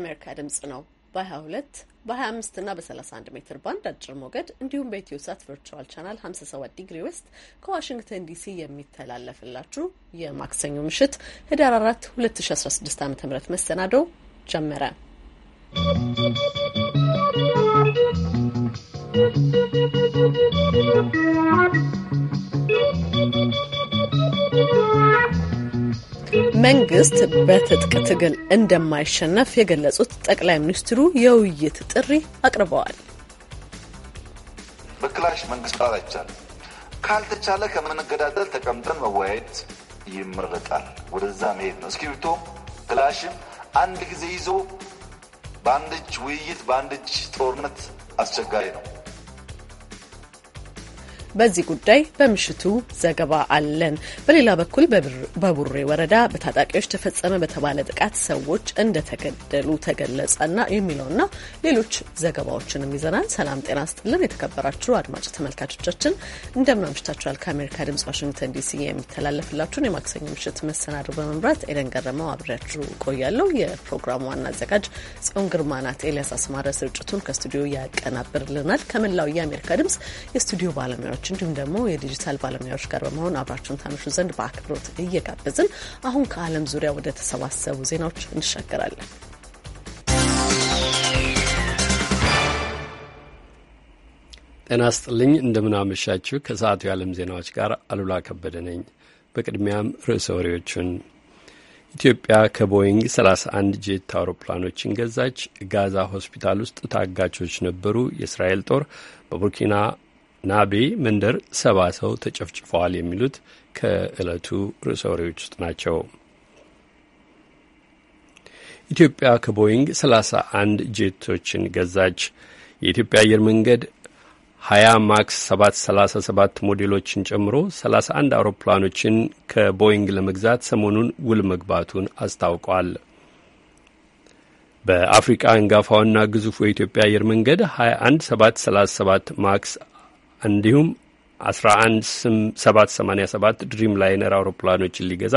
የአሜሪካ ድምጽ ነው። በ22 በ25 እና በ31 ሜትር ባንድ አጭር ሞገድ እንዲሁም በኢትዮ ቨርቹዋል ቻናል 57 ዲግሪ ውስጥ ከዋሽንግተን ዲሲ የሚተላለፍላችሁ የማክሰኞ ምሽት ህዳር 4 2016 ዓ ም መሰናዶው ጀመረ። ¶¶ መንግስት በትጥቅ ትግል እንደማይሸነፍ የገለጹት ጠቅላይ ሚኒስትሩ የውይይት ጥሪ አቅርበዋል። በክላሽ መንግስት መጣል አይቻልም። ካልተቻለ ከመነገዳደል ተቀምጠን መወያየት ይመረጣል። ወደዛ መሄድ ነው። እስክሪብቶ ክላሽም አንድ ጊዜ ይዞ በአንድ እጅ ውይይት፣ በአንድ እጅ ጦርነት አስቸጋሪ ነው። በዚህ ጉዳይ በምሽቱ ዘገባ አለን። በሌላ በኩል በቡሬ ወረዳ በታጣቂዎች ተፈጸመ በተባለ ጥቃት ሰዎች እንደተገደሉ ተገለጸና የሚለውና ሌሎች ዘገባዎችንም ይዘናል። ሰላም ጤና ስጥልን። የተከበራችሁ አድማጭ ተመልካቾቻችን እንደምን አምሽታችኋል። ከአሜሪካ ድምጽ ዋሽንግተን ዲሲ የሚተላለፍላችሁን የማክሰኞ ምሽት መሰናዶ በመምራት ኤደን ገረመው አብሬያችሁ ቆያለሁ። የፕሮግራሙ ዋና አዘጋጅ ጽዮን ግርማ ናት። ኤልያስ አስማረ ስርጭቱን ከስቱዲዮ ያቀናብርልናል። ከመላው የአሜሪካ ድምጽ የስቱዲዮ ባለሙያዎች ባለሙያዎች እንዲሁም ደግሞ የዲጂታል ባለሙያዎች ጋር በመሆን አብራችሁን ታመሹ ዘንድ በአክብሮት እየጋበዝን አሁን ከዓለም ዙሪያ ወደ ተሰባሰቡ ዜናዎች እንሻገራለን። ጤና ስጥልኝ እንደምናመሻችሁ። ከሰዓቱ የዓለም ዜናዎች ጋር አሉላ ከበደ ነኝ። በቅድሚያም ርዕሰ ወሬዎቹን ኢትዮጵያ ከቦይንግ 31 ጄት አውሮፕላኖችን ገዛች። ጋዛ ሆስፒታል ውስጥ ታጋቾች ነበሩ። የእስራኤል ጦር በቡርኪና ናቤ መንደር ሰባ ሰው ተጨፍጭፈዋል የሚሉት ከዕለቱ ርዕሰ ወሬዎች ውስጥ ናቸው። ኢትዮጵያ ከቦይንግ 31 ጄቶችን ገዛች። የኢትዮጵያ አየር መንገድ 20 ማክስ 737 ሞዴሎችን ጨምሮ 31 አውሮፕላኖችን ከቦይንግ ለመግዛት ሰሞኑን ውል መግባቱን አስታውቋል። በአፍሪቃ አንጋፋውና ግዙፉ የኢትዮጵያ አየር መንገድ 21 737 ማክስ እንዲሁም 11787 ድሪም ላይነር አውሮፕላኖችን ሊገዛ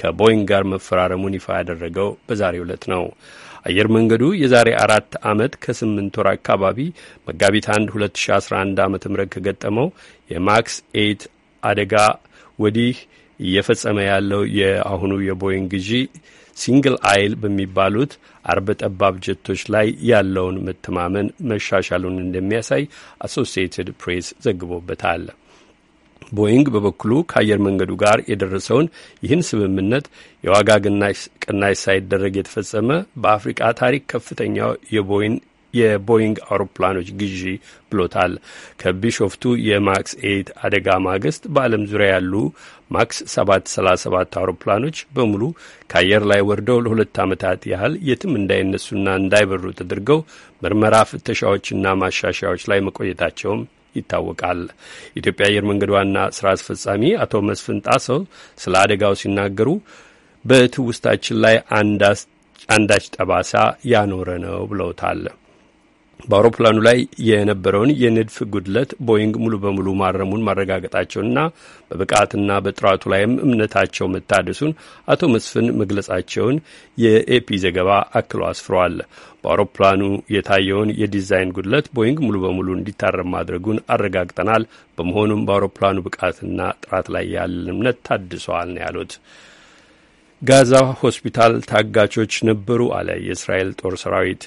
ከቦይንግ ጋር መፈራረሙን ይፋ ያደረገው በዛሬው ዕለት ነው። አየር መንገዱ የዛሬ አራት ዓመት ከስምንት ወር አካባቢ መጋቢት 1 2011 ዓ ም ከገጠመው የማክስ ኤት አደጋ ወዲህ እየፈጸመ ያለው የአሁኑ የቦይንግ ግዢ ሲንግል አይል በሚባሉት አርበ ጠባብ ጀቶች ላይ ያለውን መተማመን መሻሻሉን እንደሚያሳይ አሶሲየትድ ፕሬስ ዘግቦበታል። ቦይንግ በበኩሉ ከአየር መንገዱ ጋር የደረሰውን ይህን ስምምነት የዋጋ ቅናሽ ሳይደረግ የተፈጸመ በአፍሪቃ ታሪክ ከፍተኛው የቦይን የቦይንግ አውሮፕላኖች ግዢ ብሎታል። ከቢሾፍቱ የማክስ ኤት አደጋ ማግስት በዓለም ዙሪያ ያሉ ማክስ 737 አውሮፕላኖች በሙሉ ከአየር ላይ ወርደው ለሁለት ዓመታት ያህል የትም እንዳይነሱና እንዳይበሩ ተደርገው ምርመራ፣ ፍተሻዎችና ማሻሻያዎች ላይ መቆየታቸውም ይታወቃል። የኢትዮጵያ አየር መንገድ ዋና ስራ አስፈጻሚ አቶ መስፍን ጣሰው ስለ አደጋው ሲናገሩ በትውስታችን ላይ አንዳች ጠባሳ ያኖረ ነው ብለውታል። በአውሮፕላኑ ላይ የነበረውን የንድፍ ጉድለት ቦይንግ ሙሉ በሙሉ ማረሙን ማረጋገጣቸውንና በብቃትና በጥራቱ ላይም እምነታቸው መታደሱን አቶ መስፍን መግለጻቸውን የኤፒ ዘገባ አክሎ አስፍሯል። በአውሮፕላኑ የታየውን የዲዛይን ጉድለት ቦይንግ ሙሉ በሙሉ እንዲታረም ማድረጉን አረጋግጠናል። በመሆኑም በአውሮፕላኑ ብቃትና ጥራት ላይ ያለን እምነት ታድሰዋል ነው ያሉት። ጋዛ ሆስፒታል ታጋቾች ነበሩ አለ የእስራኤል ጦር ሰራዊት።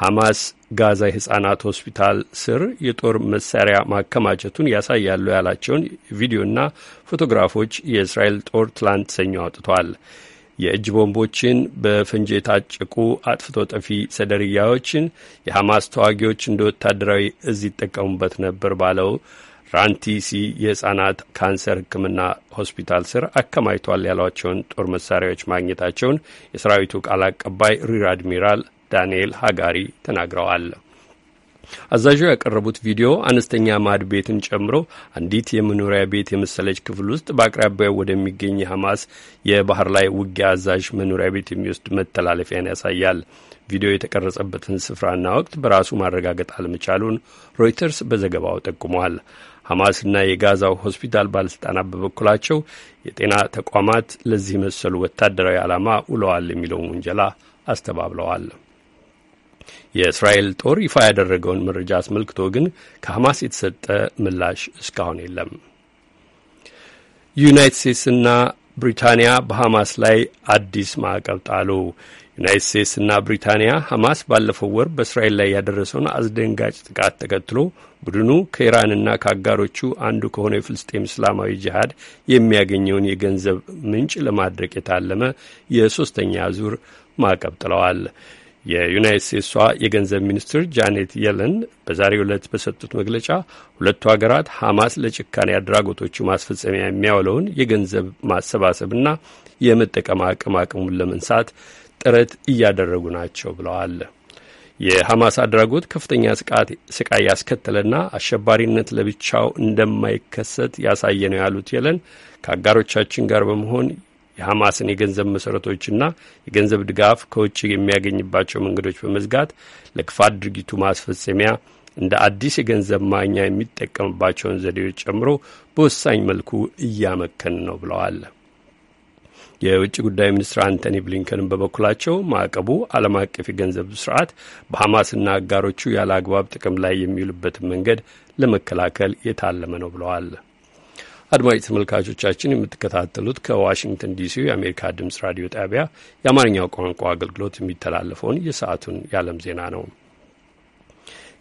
ሐማስ ጋዛ የሕፃናት ሆስፒታል ስር የጦር መሳሪያ ማከማቸቱን ያሳያሉ ያላቸውን ቪዲዮና ፎቶግራፎች የእስራኤል ጦር ትላንት ሰኞ አውጥቷል። የእጅ ቦምቦችን፣ በፈንጂ የታጨቁ አጥፍቶ ጠፊ ሰደርያዎችን የሐማስ ተዋጊዎች እንደ ወታደራዊ እዝ ይጠቀሙበት ነበር ባለው ራንቲሲ የሕፃናት ካንሰር ሕክምና ሆስፒታል ስር አከማችቷል ያሏቸውን ጦር መሳሪያዎች ማግኘታቸውን የሰራዊቱ ቃል አቀባይ ሪር አድሚራል ዳንኤል ሀጋሪ ተናግረዋል። አዛዡ ያቀረቡት ቪዲዮ አነስተኛ ማድ ቤትን ጨምሮ አንዲት የመኖሪያ ቤት የመሰለች ክፍል ውስጥ በአቅራቢያው ወደሚገኝ የሐማስ የባህር ላይ ውጊያ አዛዥ መኖሪያ ቤት የሚወስድ መተላለፊያን ያሳያል። ቪዲዮ የተቀረጸበትን ስፍራና ወቅት በራሱ ማረጋገጥ አለመቻሉን ሮይተርስ በዘገባው ጠቁሟል። ሐማስና የጋዛው ሆስፒታል ባለሥልጣናት በበኩላቸው የጤና ተቋማት ለዚህ መሰሉ ወታደራዊ ዓላማ ውለዋል የሚለውን ውንጀላ አስተባብለዋል። የእስራኤል ጦር ይፋ ያደረገውን መረጃ አስመልክቶ ግን ከሐማስ የተሰጠ ምላሽ እስካሁን የለም። ዩናይትድ ስቴትስና ብሪታንያ በሐማስ ላይ አዲስ ማዕቀብ ጣሉ። ዩናይት ስቴትስና ብሪታንያ ሐማስ ባለፈው ወር በእስራኤል ላይ ያደረሰውን አስደንጋጭ ጥቃት ተከትሎ ቡድኑ ከኢራንና ከአጋሮቹ አንዱ ከሆነው የፍልስጤም እስላማዊ ጅሃድ የሚያገኘውን የገንዘብ ምንጭ ለማድረቅ የታለመ የሶስተኛ ዙር ማዕቀብ ጥለዋል። የዩናይት ስቴትሷ የገንዘብ ሚኒስትር ጃኔት የለን በዛሬ ዕለት በሰጡት መግለጫ ሁለቱ ሀገራት ሐማስ ለጭካኔ አድራጎቶቹ ማስፈጸሚያ የሚያውለውን የገንዘብ ማሰባሰብና የመጠቀም አቅም አቅሙን ለመንሳት ጥረት እያደረጉ ናቸው ብለዋል። የሐማስ አድራጎት ከፍተኛ ስቃይ ያስከተለና አሸባሪነት ለብቻው እንደማይከሰት ያሳየ ነው ያሉት የለን ከአጋሮቻችን ጋር በመሆን የሐማስን የገንዘብ መሠረቶችና የገንዘብ ድጋፍ ከውጭ የሚያገኝባቸው መንገዶች በመዝጋት ለክፋት ድርጊቱ ማስፈጸሚያ እንደ አዲስ የገንዘብ ማግኛ የሚጠቀምባቸውን ዘዴዎች ጨምሮ በወሳኝ መልኩ እያመከን ነው ብለዋል። የውጭ ጉዳይ ሚኒስትር አንቶኒ ብሊንከን በበኩላቸው ማዕቀቡ ዓለም አቀፍ የገንዘብ ስርዓት በሐማስና አጋሮቹ ያለ አግባብ ጥቅም ላይ የሚውልበትን መንገድ ለመከላከል የታለመ ነው ብለዋል። አድማጭ ተመልካቾቻችን የምትከታተሉት ከዋሽንግተን ዲሲ የአሜሪካ ድምፅ ራዲዮ ጣቢያ የአማርኛው ቋንቋ አገልግሎት የሚተላለፈውን የሰዓቱን የዓለም ዜና ነው።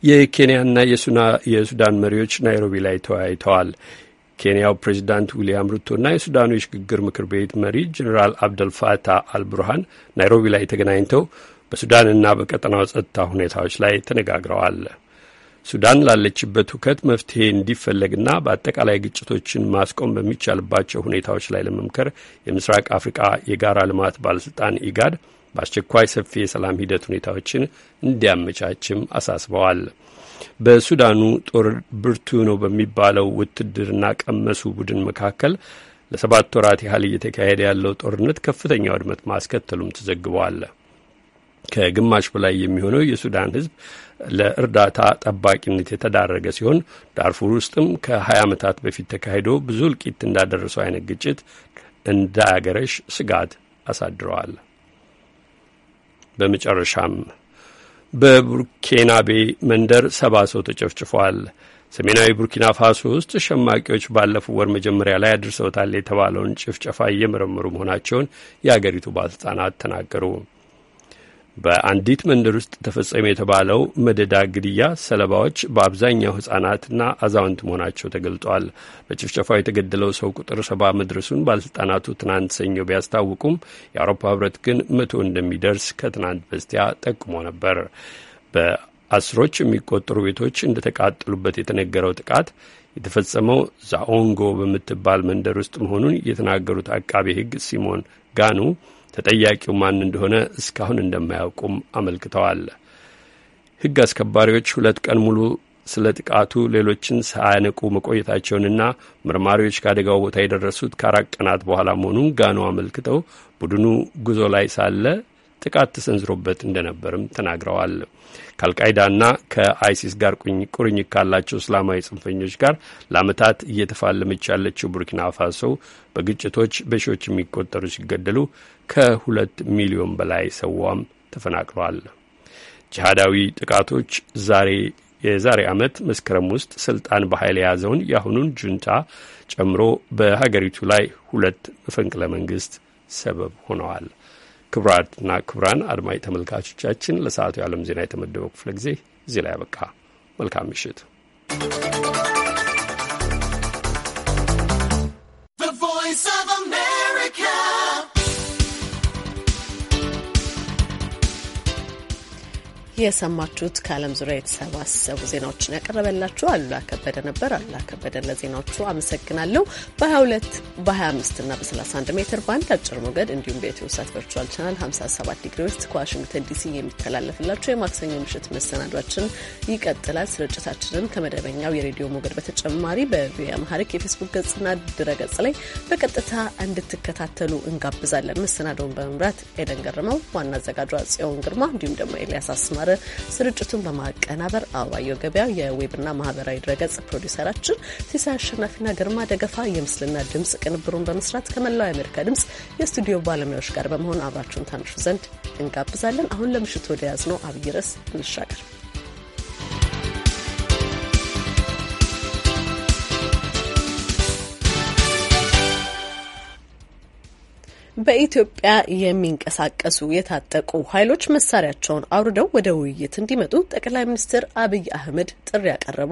የኬንያና የሱዳን መሪዎች ናይሮቢ ላይ ተወያይተዋል። ኬንያው ፕሬዚዳንት ዊልያም ሩቶና የሱዳኑ የሽግግር ምክር ቤት መሪ ጀኔራል አብደልፋታ አልቡርሃን ናይሮቢ ላይ ተገናኝተው በሱዳንና በቀጠናው ጸጥታ ሁኔታዎች ላይ ተነጋግረዋል። ሱዳን ላለችበት ሁከት መፍትሄ እንዲፈለግና በአጠቃላይ ግጭቶችን ማስቆም በሚቻልባቸው ሁኔታዎች ላይ ለመምከር የምስራቅ አፍሪቃ የጋራ ልማት ባለስልጣን ኢጋድ በአስቸኳይ ሰፊ የሰላም ሂደት ሁኔታዎችን እንዲያመቻችም አሳስበዋል። በሱዳኑ ጦር ብርቱ ነው በሚባለው ውትድርና ቀመሱ ቡድን መካከል ለሰባት ወራት ያህል እየተካሄደ ያለው ጦርነት ከፍተኛ ውድመት ማስከተሉም ተዘግበዋል። ከግማሽ በላይ የሚሆነው የሱዳን ህዝብ ለእርዳታ ጠባቂነት የተዳረገ ሲሆን ዳርፉር ውስጥም ከ20 ዓመታት በፊት ተካሂዶ ብዙ እልቂት እንዳደረሰው አይነት ግጭት እንዳያገረሽ ስጋት አሳድረዋል። በመጨረሻም በቡርኬናቤ መንደር ሰባ ሰው ተጨፍጭፏል። ሰሜናዊ ቡርኪና ፋሶ ውስጥ ሸማቂዎች ባለፈው ወር መጀመሪያ ላይ አድርሰውታል የተባለውን ጭፍጨፋ እየመረመሩ መሆናቸውን የአገሪቱ ባለሥልጣናት ተናገሩ። በአንዲት መንደር ውስጥ ተፈጸመ የተባለው መደዳ ግድያ ሰለባዎች በአብዛኛው ና አዛውንት መሆናቸው ተገልጧል። በጭፍጨፋው የተገደለው ሰው ቁጥር ሰባ መድረሱን ባለሥልጣናቱ ትናንት ሰኞ ቢያስታውቁም የአውሮፓ ህብረት ግን መቶ እንደሚደርስ ከትናንት በስቲያ ጠቁሞ ነበር። በአስሮች የሚቆጠሩ ቤቶች እንደተቃጠሉበት የተነገረው ጥቃት የተፈጸመው ዛኦንጎ በምትባል መንደር ውስጥ መሆኑን የተናገሩት አቃቤ ህግ ሲሞን ጋኑ ተጠያቂው ማን እንደሆነ እስካሁን እንደማያውቁም አመልክተዋል። ሕግ አስከባሪዎች ሁለት ቀን ሙሉ ስለ ጥቃቱ ሌሎችን ሳያነቁ መቆየታቸውንና መርማሪዎች ከአደጋው ቦታ የደረሱት ከአራት ቀናት በኋላ መሆኑን ጋኖ አመልክተው ቡድኑ ጉዞ ላይ ሳለ ጥቃት ተሰንዝሮበት እንደነበርም ተናግረዋል። ከአልቃይዳና ከአይሲስ ጋር ቁርኝት ካላቸው እስላማዊ ጽንፈኞች ጋር ለዓመታት እየተፋለመች ያለችው ቡርኪና ፋሶ በግጭቶች በሺዎች የሚቆጠሩ ሲገደሉ ከሁለት ሚሊዮን በላይ ሰዋም ተፈናቅሏል። ጂሃዳዊ ጥቃቶች ዛሬ የዛሬ ዓመት መስከረም ውስጥ ስልጣን በኃይል የያዘውን የአሁኑን ጁንታ ጨምሮ በሀገሪቱ ላይ ሁለት መፈንቅለ መንግስት ሰበብ ሆነዋል። ክቡራትና ክቡራን አድማጭ ተመልካቾቻችን ለሰዓቱ የዓለም ዜና የተመደበው ክፍለ ጊዜ እዚህ ላይ ያበቃ። መልካም ምሽት። ቮይስ ኦፍ አሜሪካ የሰማችሁት ከዓለም ዙሪያ የተሰባሰቡ ዜናዎችን ያቀረበላችሁ አሉላ ከበደ ነበር። አሉላ ከበደ ለዜናዎቹ አመሰግናለሁ። በ22 በ25 እና በ31 ሜትር ባንድ አጭር ሞገድ እንዲሁም በኢትዮ ሳት ቨርቹዋል ቻናል 57 ዲግሪ ውስጥ ከዋሽንግተን ዲሲ የሚተላለፍላችሁ የማክሰኞ ምሽት መሰናዷችን ይቀጥላል። ስርጭታችንን ከመደበኛው የሬዲዮ ሞገድ በተጨማሪ በቪኦኤ አማርኛ የፌስቡክ ገጽና ድረ ገጽ ላይ በቀጥታ እንድትከታተሉ እንጋብዛለን። መሰናዶውን በመምራት ኤደን ገርመው፣ ዋና አዘጋጇ ጽዮን ግርማ እንዲሁም ደግሞ ኤልያስ አስማ አማረ፣ ስርጭቱን በማቀናበር አበባየው ገበያ የዌብና ማህበራዊ ድረገጽ ፕሮዲሰራችን ሲሳ አሸናፊና ግርማ ደገፋ የምስልና ድምጽ ቅንብሩን በመስራት ከመላው የአሜሪካ ድምጽ የስቱዲዮ ባለሙያዎች ጋር በመሆን አብራችሁን ታንሹ ዘንድ እንጋብዛለን። አሁን ለምሽቱ ወደ ያዝነው አብይ ርዕስ እንሻገር። በኢትዮጵያ የሚንቀሳቀሱ የታጠቁ ኃይሎች መሳሪያቸውን አውርደው ወደ ውይይት እንዲመጡ ጠቅላይ ሚኒስትር አብይ አህመድ ጥሪ ያቀረቡ።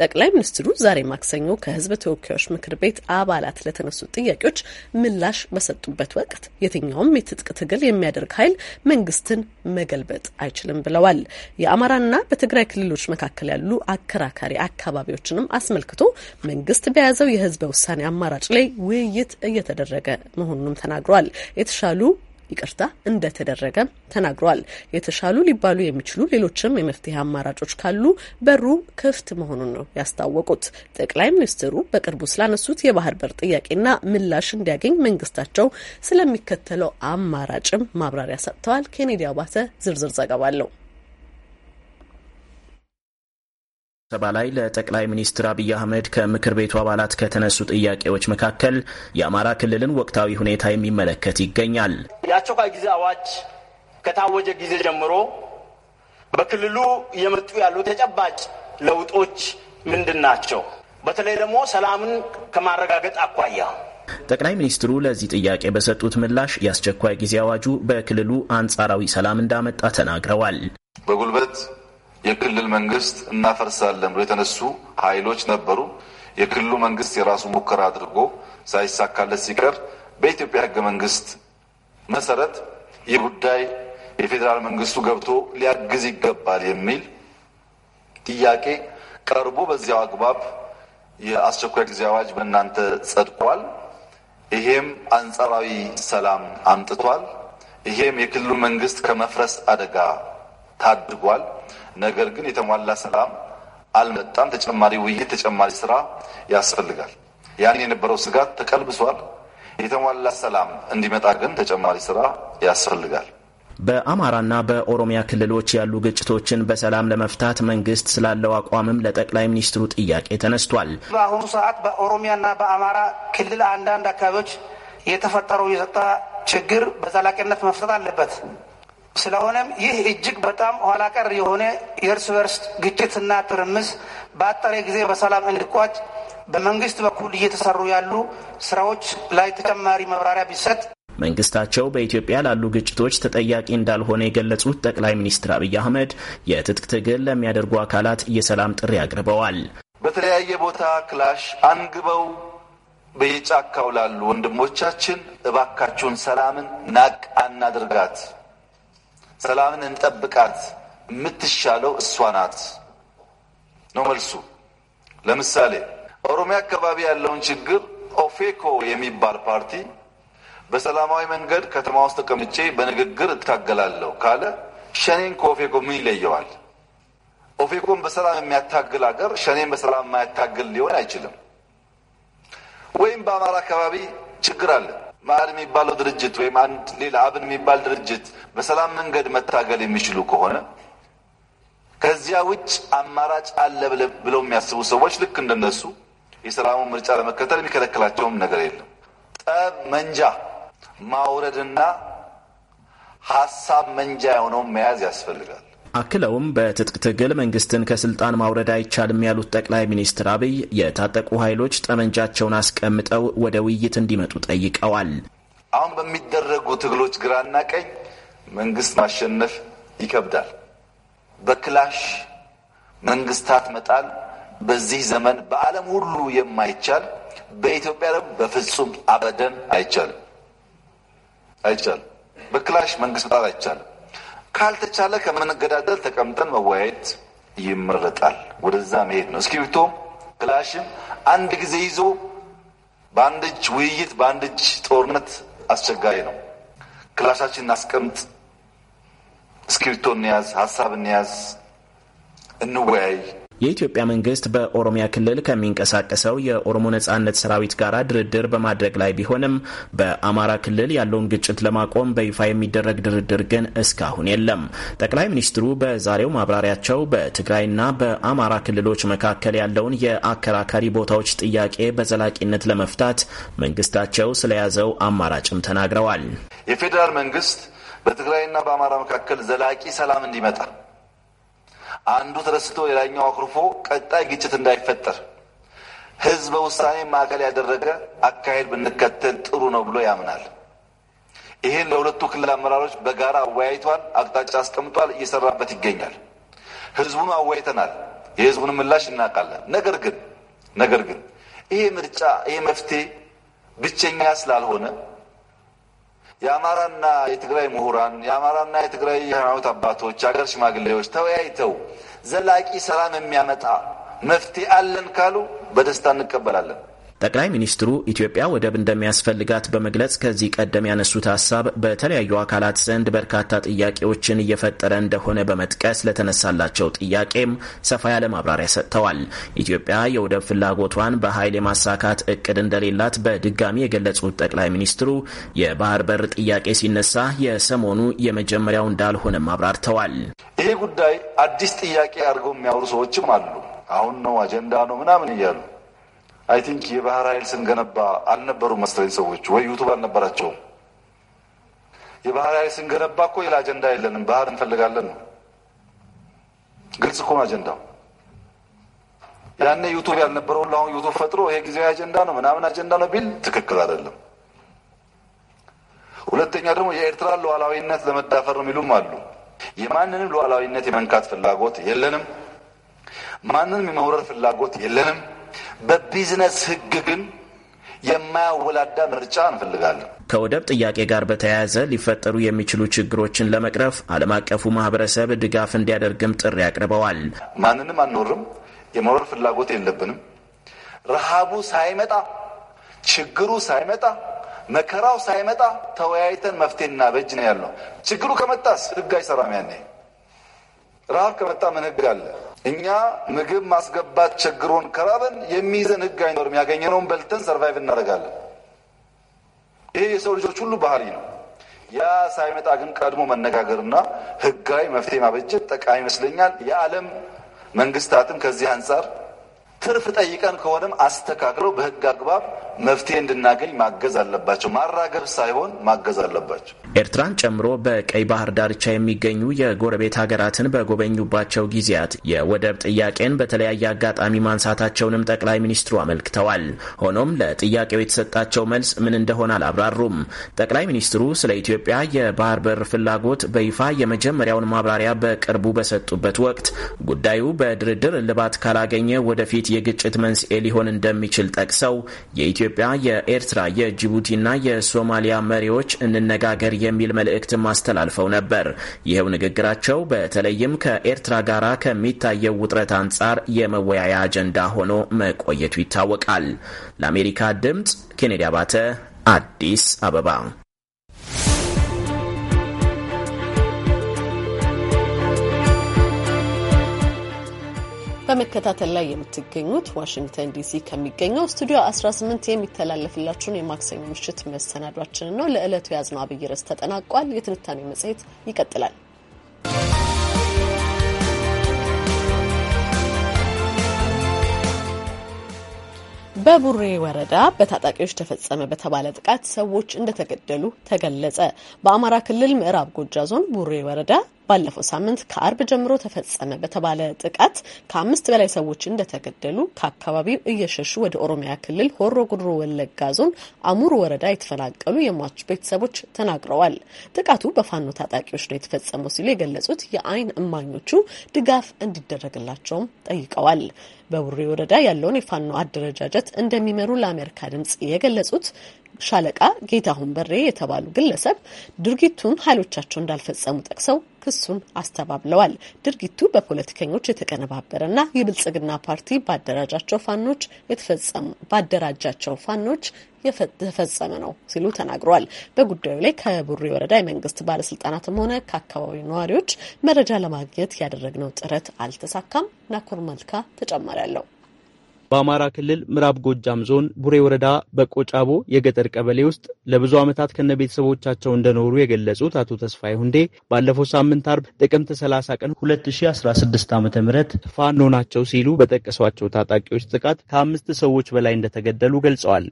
ጠቅላይ ሚኒስትሩ ዛሬ ማክሰኞ ከህዝብ ተወካዮች ምክር ቤት አባላት ለተነሱ ጥያቄዎች ምላሽ በሰጡበት ወቅት የትኛውም የትጥቅ ትግል የሚያደርግ ኃይል መንግስትን መገልበጥ አይችልም ብለዋል። የአማራና በትግራይ ክልሎች መካከል ያሉ አከራካሪ አካባቢዎችንም አስመልክቶ መንግስት በያዘው የህዝበ ውሳኔ አማራጭ ላይ ውይይት እየተደረገ መሆኑንም ተናግሯል። ብለዋል። የተሻሉ ይቅርታ እንደተደረገ ተናግረዋል። የተሻሉ ሊባሉ የሚችሉ ሌሎችም የመፍትሄ አማራጮች ካሉ በሩ ክፍት መሆኑን ነው ያስታወቁት። ጠቅላይ ሚኒስትሩ በቅርቡ ስላነሱት የባህር በር ጥያቄና ምላሽ እንዲያገኝ መንግስታቸው ስለሚከተለው አማራጭም ማብራሪያ ሰጥተዋል። ኬኔዲ አባተ ዝርዝር ዘገባ አለው። ስብሰባ ላይ ለጠቅላይ ሚኒስትር አብይ አህመድ ከምክር ቤቱ አባላት ከተነሱ ጥያቄዎች መካከል የአማራ ክልልን ወቅታዊ ሁኔታ የሚመለከት ይገኛል። የአስቸኳይ ጊዜ አዋጅ ከታወጀ ጊዜ ጀምሮ በክልሉ እየመጡ ያሉ ተጨባጭ ለውጦች ምንድን ናቸው? በተለይ ደግሞ ሰላምን ከማረጋገጥ አኳያ ጠቅላይ ሚኒስትሩ ለዚህ ጥያቄ በሰጡት ምላሽ የአስቸኳይ ጊዜ አዋጁ በክልሉ አንጻራዊ ሰላም እንዳመጣ ተናግረዋል። በጉልበት የክልል መንግስት እናፈርሳለን ብሎ የተነሱ ኃይሎች ነበሩ። የክልሉ መንግስት የራሱ ሙከራ አድርጎ ሳይሳካለት ሲቀር በኢትዮጵያ ህገ መንግስት መሰረት ይህ ጉዳይ የፌዴራል መንግስቱ ገብቶ ሊያግዝ ይገባል የሚል ጥያቄ ቀርቦ በዚያው አግባብ የአስቸኳይ ጊዜ አዋጅ በእናንተ ጸድቋል። ይሄም አንጻራዊ ሰላም አምጥቷል። ይሄም የክልሉ መንግስት ከመፍረስ አደጋ ታድጓል። ነገር ግን የተሟላ ሰላም አልመጣም። ተጨማሪ ውይይት፣ ተጨማሪ ስራ ያስፈልጋል። ያንን የነበረው ስጋት ተቀልብሷል። የተሟላ ሰላም እንዲመጣ ግን ተጨማሪ ስራ ያስፈልጋል። በአማራና በኦሮሚያ ክልሎች ያሉ ግጭቶችን በሰላም ለመፍታት መንግስት ስላለው አቋምም ለጠቅላይ ሚኒስትሩ ጥያቄ ተነስቷል። በአሁኑ ሰዓት በኦሮሚያና በአማራ ክልል አንዳንድ አካባቢዎች የተፈጠረው የጸጥታ ችግር በዘላቂነት መፍታት አለበት። ስለሆነም ይህ እጅግ በጣም ኋላ ቀር የሆነ የእርስ በርስ ግጭትና ትርምስ በአጠረ ጊዜ በሰላም እንዲቋጭ በመንግስት በኩል እየተሰሩ ያሉ ስራዎች ላይ ተጨማሪ መብራሪያ ቢሰጥ መንግስታቸው በኢትዮጵያ ላሉ ግጭቶች ተጠያቂ እንዳልሆነ የገለጹት ጠቅላይ ሚኒስትር አብይ አህመድ የትጥቅ ትግል ለሚያደርጉ አካላት የሰላም ጥሪ አቅርበዋል። በተለያየ ቦታ ክላሽ አንግበው በየጫካው ላሉ ወንድሞቻችን እባካችሁን ሰላምን ናቅ አናድርጋት ሰላምን እንጠብቃት፣ የምትሻለው እሷ ናት ነው መልሱ። ለምሳሌ ኦሮሚያ አካባቢ ያለውን ችግር ኦፌኮ የሚባል ፓርቲ በሰላማዊ መንገድ ከተማ ውስጥ ተቀምጬ በንግግር እታገላለሁ ካለ ሸኔን ከኦፌኮ ምን ይለየዋል? ኦፌኮን በሰላም የሚያታግል ሀገር ሸኔን በሰላም የማያታግል ሊሆን አይችልም። ወይም በአማራ አካባቢ ችግር አለ። ማዕድ የሚባለው ድርጅት ወይም አንድ ሌላ አብን የሚባል ድርጅት በሰላም መንገድ መታገል የሚችሉ ከሆነ ከዚያ ውጭ አማራጭ አለ ብለው የሚያስቡ ሰዎች ልክ እንደነሱ የሰላሙን ምርጫ ለመከተል የሚከለክላቸውም ነገር የለም። ጠብ መንጃ ማውረድና ሀሳብ መንጃ የሆነውን መያዝ ያስፈልጋል። አክለውም በትጥቅ ትግል መንግስትን ከስልጣን ማውረድ አይቻልም ያሉት ጠቅላይ ሚኒስትር አብይ የታጠቁ ኃይሎች ጠመንጃቸውን አስቀምጠው ወደ ውይይት እንዲመጡ ጠይቀዋል። አሁን በሚደረጉ ትግሎች ግራና ቀኝ መንግስት ማሸነፍ ይከብዳል። በክላሽ መንግስታት መጣል በዚህ ዘመን በዓለም ሁሉ የማይቻል በኢትዮጵያ ደግሞ በፍጹም አበደን አይቻልም አይቻልም። በክላሽ መንግስት መጣል አይቻልም። ካልተቻለ ከመነገዳደል ተቀምጠን መወያየት ይመረጣል። ወደዛ መሄድ ነው። እስክሪብቶ ክላሽም አንድ ጊዜ ይዞ በአንድ እጅ ውይይት፣ በአንድ እጅ ጦርነት አስቸጋሪ ነው። ክላሻችን እናስቀምጥ፣ እስክሪብቶ እንያዝ፣ ሀሳብ እንያዝ፣ እንወያይ የኢትዮጵያ መንግስት በኦሮሚያ ክልል ከሚንቀሳቀሰው የኦሮሞ ነጻነት ሰራዊት ጋር ድርድር በማድረግ ላይ ቢሆንም በአማራ ክልል ያለውን ግጭት ለማቆም በይፋ የሚደረግ ድርድር ግን እስካሁን የለም። ጠቅላይ ሚኒስትሩ በዛሬው ማብራሪያቸው በትግራይና በአማራ ክልሎች መካከል ያለውን የአከራካሪ ቦታዎች ጥያቄ በዘላቂነት ለመፍታት መንግስታቸው ስለያዘው አማራጭም ተናግረዋል። የፌዴራል መንግስት በትግራይና በአማራ መካከል ዘላቂ ሰላም እንዲመጣ አንዱ ተደስቶ ሌላኛው አኩርፎ ቀጣይ ግጭት እንዳይፈጠር ህዝበ ውሳኔ ማዕከል ያደረገ አካሄድ ብንከተል ጥሩ ነው ብሎ ያምናል። ይህን ለሁለቱ ክልል አመራሮች በጋራ አወያይቷል፣ አቅጣጫ አስቀምጧል፣ እየሰራበት ይገኛል። ህዝቡን አወያይተናል፣ የህዝቡን ምላሽ እናውቃለን። ነገር ግን ነገር ግን ይሄ ምርጫ ይሄ መፍትሄ ብቸኛ ስላልሆነ የአማራና የትግራይ ምሁራን፣ የአማራና የትግራይ የሃይማኖት አባቶች፣ የሀገር ሽማግሌዎች ተወያይተው ዘላቂ ሰላም የሚያመጣ መፍትሄ አለን ካሉ በደስታ እንቀበላለን። ጠቅላይ ሚኒስትሩ ኢትዮጵያ ወደብ እንደሚያስፈልጋት በመግለጽ ከዚህ ቀደም ያነሱት ሀሳብ በተለያዩ አካላት ዘንድ በርካታ ጥያቄዎችን እየፈጠረ እንደሆነ በመጥቀስ ለተነሳላቸው ጥያቄም ሰፋ ያለ ማብራሪያ ሰጥተዋል። ኢትዮጵያ የወደብ ፍላጎቷን በኃይል የማሳካት እቅድ እንደሌላት በድጋሚ የገለጹት ጠቅላይ ሚኒስትሩ የባህር በር ጥያቄ ሲነሳ የሰሞኑ የመጀመሪያው እንዳልሆነም አብራርተዋል። ይሄ ጉዳይ አዲስ ጥያቄ አድርገው የሚያወሩ ሰዎችም አሉ። አሁን ነው አጀንዳ ነው ምናምን እያሉ አይ ቲንክ የባህር ኃይል ስንገነባ አልነበሩ መሰለኝ ሰዎች ወይ ዩቱብ አልነበራቸውም። የባህር ኃይል ስንገነባ እኮ ሌላ አጀንዳ የለንም፣ ባህር እንፈልጋለን ነው። ግልጽ እኮ ነው አጀንዳው። ያኔ ዩቱብ ያልነበረው ሁሉ አሁን ዩቱብ ፈጥሮ ይሄ ጊዜያዊ አጀንዳ ነው ምናምን አጀንዳ ነው ቢል ትክክል አይደለም። ሁለተኛ ደግሞ የኤርትራ ሉዓላዊነት ለመዳፈር ነው የሚሉም አሉ። የማንንም ሉዓላዊነት የመንካት ፍላጎት የለንም። ማንንም የመውረር ፍላጎት የለንም። በቢዝነስ ህግ ግን የማያወላዳ ምርጫ እንፈልጋለን። ከወደብ ጥያቄ ጋር በተያያዘ ሊፈጠሩ የሚችሉ ችግሮችን ለመቅረፍ ዓለም አቀፉ ማህበረሰብ ድጋፍ እንዲያደርግም ጥሪ አቅርበዋል። ማንንም አንወርም፣ የመኖር ፍላጎት የለብንም። ረሃቡ ሳይመጣ ችግሩ ሳይመጣ መከራው ሳይመጣ ተወያይተን መፍትሄ እናበጅ ነው ያለው። ችግሩ ከመጣስ ህግ አይሰራም። ያኔ ረሃብ ከመጣ ምን ህግ አለ? እኛ ምግብ ማስገባት ቸግሮን ከራበን የሚይዘን ህግ አይኖርም። ያገኘነውን በልተን ሰርቫይቭ እናደርጋለን። ይሄ የሰው ልጆች ሁሉ ባህሪ ነው። ያ ሳይመጣ ግን ቀድሞ መነጋገርና ህጋዊ መፍትሄ ማበጀት ጠቃሚ ይመስለኛል። የዓለም መንግስታትም ከዚህ አንጻር ትርፍ ጠይቀን ከሆነም አስተካክለው በህግ አግባብ መፍትሄ እንድናገኝ ማገዝ አለባቸው። ማራገብ ሳይሆን ማገዝ አለባቸው። ኤርትራን ጨምሮ በቀይ ባህር ዳርቻ የሚገኙ የጎረቤት ሀገራትን በጎበኙባቸው ጊዜያት የወደብ ጥያቄን በተለያየ አጋጣሚ ማንሳታቸውንም ጠቅላይ ሚኒስትሩ አመልክተዋል። ሆኖም ለጥያቄው የተሰጣቸው መልስ ምን እንደሆነ አላብራሩም። ጠቅላይ ሚኒስትሩ ስለ ኢትዮጵያ የባህር በር ፍላጎት በይፋ የመጀመሪያውን ማብራሪያ በቅርቡ በሰጡበት ወቅት ጉዳዩ በድርድር እልባት ካላገኘ ወደፊት የግጭት መንስኤ ሊሆን እንደሚችል ጠቅሰው የኢትዮጵያ የኤርትራ የጅቡቲና የሶማሊያ መሪዎች እንነጋገር የሚል መልእክትም አስተላልፈው ነበር። ይኸው ንግግራቸው በተለይም ከኤርትራ ጋር ከሚታየው ውጥረት አንጻር የመወያያ አጀንዳ ሆኖ መቆየቱ ይታወቃል። ለአሜሪካ ድምፅ ኬኔዲ አባተ አዲስ አበባ በመከታተል ላይ የምትገኙት ዋሽንግተን ዲሲ ከሚገኘው ስቱዲዮ 18 የሚተላለፍላችሁን የማክሰኞ ምሽት መሰናዷችን ነው። ለዕለቱ የያዝነው አብይ ርዕስ ተጠናቋል። የትንታኔ መጽሔት ይቀጥላል። በቡሬ ወረዳ በታጣቂዎች ተፈጸመ በተባለ ጥቃት ሰዎች እንደተገደሉ ተገለጸ። በአማራ ክልል ምዕራብ ጎጃ ዞን ቡሬ ወረዳ ባለፈው ሳምንት ከአርብ ጀምሮ ተፈጸመ በተባለ ጥቃት ከአምስት በላይ ሰዎች እንደተገደሉ ከአካባቢው እየሸሹ ወደ ኦሮሚያ ክልል ሆሮ ጉድሮ ወለጋ ዞን አሙር ወረዳ የተፈናቀሉ የሟች ቤተሰቦች ተናግረዋል። ጥቃቱ በፋኖ ታጣቂዎች ነው የተፈጸመው ሲሉ የገለጹት የአይን እማኞቹ ድጋፍ እንዲደረግላቸውም ጠይቀዋል። በቡሬ ወረዳ ያለውን የፋኖ አደረጃጀት እንደሚመሩ ለአሜሪካ ድምጽ የገለጹት ሻለቃ ጌታሁን በሬ የተባሉ ግለሰብ ድርጊቱን ኃይሎቻቸው እንዳልፈጸሙ ጠቅሰው ክሱን አስተባብለዋል። ድርጊቱ በፖለቲከኞች የተቀነባበረና የብልጽግና ፓርቲ ባደራጃቸው ፋኖች ባደራጃቸው ፋኖች የተፈጸመ ነው ሲሉ ተናግረዋል። በጉዳዩ ላይ ከቡሬ ወረዳ የመንግስት ባለስልጣናትም ሆነ ከአካባቢ ነዋሪዎች መረጃ ለማግኘት ያደረግነው ጥረት አልተሳካም። ናኮር መልካ ተጨማሪ አለው። በአማራ ክልል ምዕራብ ጎጃም ዞን ቡሬ ወረዳ በቆጫቦ የገጠር ቀበሌ ውስጥ ለብዙ ዓመታት ከነ ቤተሰቦቻቸው እንደኖሩ የገለጹት አቶ ተስፋዬ ሁንዴ ባለፈው ሳምንት አርብ ጥቅምት 30 ቀን 2016 ዓ ም ፋኖ ናቸው ሲሉ በጠቀሷቸው ታጣቂዎች ጥቃት ከአምስት ሰዎች በላይ እንደተገደሉ ገልጸዋል።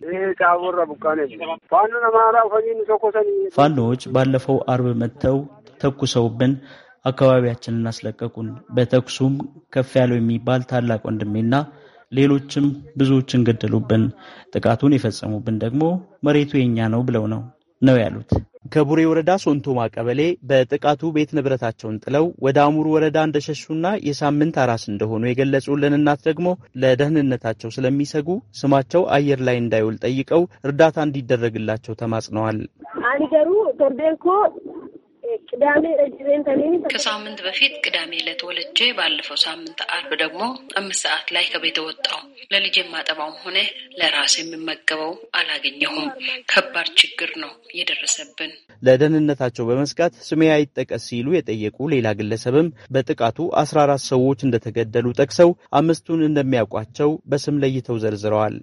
ፋኖዎች ባለፈው አርብ መጥተው ተኩሰውብን አካባቢያችንን አስለቀቁን። በተኩሱም ከፍ ያለው የሚባል ታላቅ ወንድሜና ሌሎችም ብዙዎችን ገደሉብን። ጥቃቱን የፈጸሙብን ደግሞ መሬቱ የኛ ነው ብለው ነው ነው ያሉት። ከቡሬ ወረዳ ሶንቶማ ቀበሌ በጥቃቱ ቤት ንብረታቸውን ጥለው ወደ አሙሩ ወረዳ እንደሸሹና የሳምንት አራስ እንደሆኑ የገለጹልን እናት ደግሞ ለደህንነታቸው ስለሚሰጉ ስማቸው አየር ላይ እንዳይውል ጠይቀው እርዳታ እንዲደረግላቸው ተማጽነዋል። አሊገሩ ቶርቤንኮ ከሳምንት በፊት ቅዳሜ ዕለት ወልጄ ባለፈው ሳምንት አርብ ደግሞ አምስት ሰዓት ላይ ከቤት ወጣው ለልጅ የማጠባውም ሆነ ለራሴ የምመገበው አላገኘሁም። ከባድ ችግር ነው የደረሰብን። ለደህንነታቸው በመስጋት ስሜ አይጠቀስ ሲሉ የጠየቁ ሌላ ግለሰብም በጥቃቱ አስራ አራት ሰዎች እንደተገደሉ ጠቅሰው አምስቱን እንደሚያውቋቸው በስም ለይተው ዘርዝረዋል።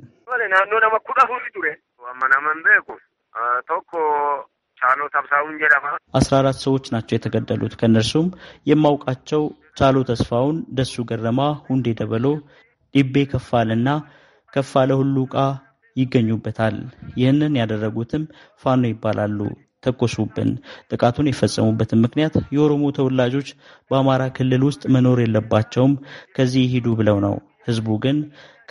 ቻሎት አብሳውን ጀዳማ አስራ አራት ሰዎች ናቸው የተገደሉት። ከእነርሱም የማውቃቸው ቻሎ ተስፋውን፣ ደሱ ገረማ፣ ሁንዴ ደበሎ፣ ዲቤ ከፋለና ከፋለ ሁሉ እቃ ይገኙበታል። ይህንን ያደረጉትም ፋኖ ይባላሉ። ተኮሱብን። ጥቃቱን የፈጸሙበትን ምክንያት የኦሮሞ ተወላጆች በአማራ ክልል ውስጥ መኖር የለባቸውም ከዚህ ይሂዱ ብለው ነው። ህዝቡ ግን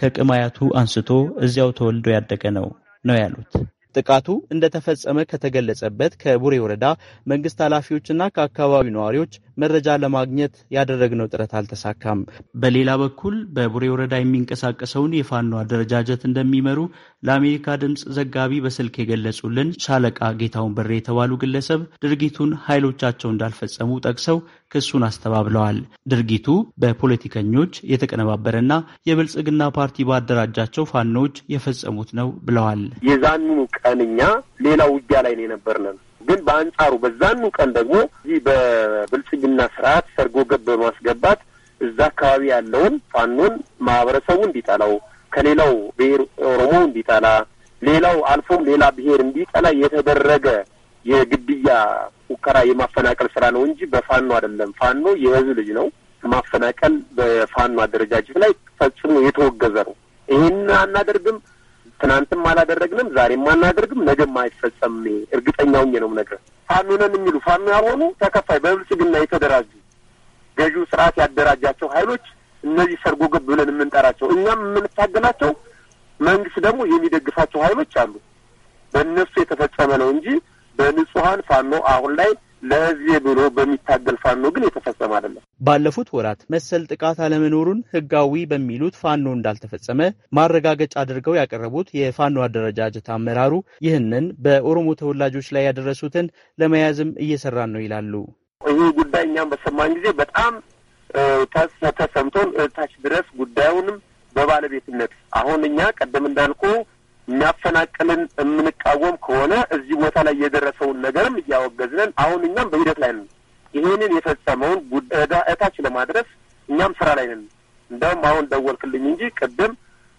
ከቅማያቱ አንስቶ እዚያው ተወልዶ ያደገ ነው ነው ያሉት። ጥቃቱ እንደተፈጸመ ከተገለጸበት ከቡሬ ወረዳ መንግስት ኃላፊዎችና ከአካባቢው ነዋሪዎች መረጃ ለማግኘት ያደረግነው ጥረት አልተሳካም። በሌላ በኩል በቡሬ ወረዳ የሚንቀሳቀሰውን የፋኖ አደረጃጀት እንደሚመሩ ለአሜሪካ ድምፅ ዘጋቢ በስልክ የገለጹልን ሻለቃ ጌታውን በሬ የተባሉ ግለሰብ ድርጊቱን ኃይሎቻቸው እንዳልፈጸሙ ጠቅሰው ክሱን አስተባብለዋል። ድርጊቱ በፖለቲከኞች የተቀነባበረና የብልጽግና ፓርቲ ባደራጃቸው ፋኖዎች የፈጸሙት ነው ብለዋል። የዛኑ ቀንኛ ሌላ ውጊያ ላይ ነው የነበርነን ግን በአንጻሩ በዛኑ ቀን ደግሞ እዚህ በብልጽግና ስርዓት ሰርጎ ገብ በማስገባት እዛ አካባቢ ያለውን ፋኖን ማህበረሰቡ እንዲጠላው ከሌላው ብሔር ኦሮሞ እንዲጠላ ሌላው አልፎም ሌላ ብሔር እንዲጠላ የተደረገ የግድያ ሙከራ የማፈናቀል ስራ ነው እንጂ በፋኖ አይደለም። ፋኖ የህዝብ ልጅ ነው። ማፈናቀል በፋኖ አደረጃጀት ላይ ፈጽሞ የተወገዘ ነው። ይህን አናደርግም ትናንትም አላደረግንም፣ ዛሬም አናደርግም፣ ነገም አይፈጸምም። እርግጠኛ ሆኜ ነው የምነግርህ። ፋኖ ነን የሚሉ ፋኖ ያልሆኑ ተከፋይ በብልጽግና የተደራጁ ገዢው ስርዓት ያደራጃቸው ኃይሎች እነዚህ ሰርጎ ገብ ብለን የምንጠራቸው እኛም የምንታገላቸው መንግስት ደግሞ የሚደግፋቸው ኃይሎች አሉ። በእነሱ የተፈጸመ ነው እንጂ በንጹሀን ፋኖ አሁን ላይ ለህዝቤ ብሎ በሚታገል ፋኖ ግን የተፈጸመ አይደለም። ባለፉት ወራት መሰል ጥቃት አለመኖሩን ህጋዊ በሚሉት ፋኖ እንዳልተፈጸመ ማረጋገጫ አድርገው ያቀረቡት የፋኖ አደረጃጀት አመራሩ ይህንን በኦሮሞ ተወላጆች ላይ ያደረሱትን ለመያዝም እየሰራን ነው ይላሉ። ይህ ጉዳይ እኛም በሰማን ጊዜ በጣም ተሰምቶን እታች ድረስ ጉዳዩንም በባለቤትነት አሁን እኛ ቀደም እንዳልኩ የሚያፈናቅልን የምንቃወም ከሆነ እዚህ ቦታ ላይ የደረሰውን ነገርም እያወገዝንን አሁን እኛም በሂደት ላይ ነን። ይሄንን የፈጸመውን እታች ለማድረስ እኛም ስራ ላይ ነን። እንደውም አሁን ደወልክልኝ እንጂ ቅድም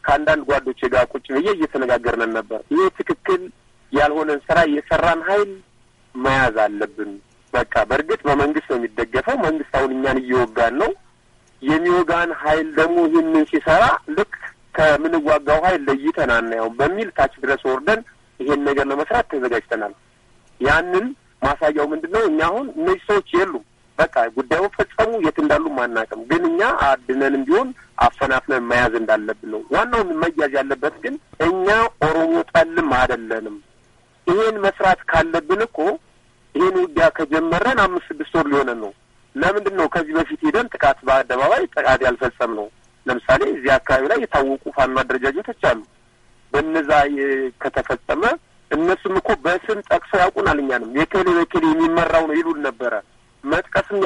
ከአንዳንድ ጓዶች ጋር ቁጭ ብዬ እየተነጋገርነን ነበር። ይህ ትክክል ያልሆነን ስራ የሰራን ሀይል መያዝ አለብን። በቃ በእርግጥ በመንግስት ነው የሚደገፈው። መንግስት አሁን እኛን እየወጋን ነው። የሚወጋን ሀይል ደግሞ ይህንን ሲሰራ ልክ ከምንዋጋው ኃይል ለይተናና ያው በሚል ታች ድረስ ወርደን ይሄን ነገር ለመስራት ተዘጋጅተናል። ያንን ማሳያው ምንድን ነው? እኛ አሁን እነዚህ ሰዎች የሉም። በቃ ጉዳዩ ፈጸሙ፣ የት እንዳሉም አናውቅም። ግን እኛ አድነንም ቢሆን አፈናፍለን መያዝ እንዳለብን ነው። ዋናው መያዝ ያለበት ግን እኛ ኦሮሞ ጠልም አይደለንም። ይሄን መስራት ካለብን እኮ ይህን ውጊያ ከጀመረን አምስት ስድስት ወር ሊሆነን ነው። ለምንድን ነው ከዚህ በፊት ሄደን ጥቃት በአደባባይ ጥቃት ያልፈጸም ነው? ለምሳሌ እዚህ አካባቢ ላይ የታወቁ ፋኖ አደረጃጀቶች አሉ። በነዛ ከተፈጸመ እነሱም እኮ በስም ጠቅሰው ያውቁናል። እኛንም የከሌ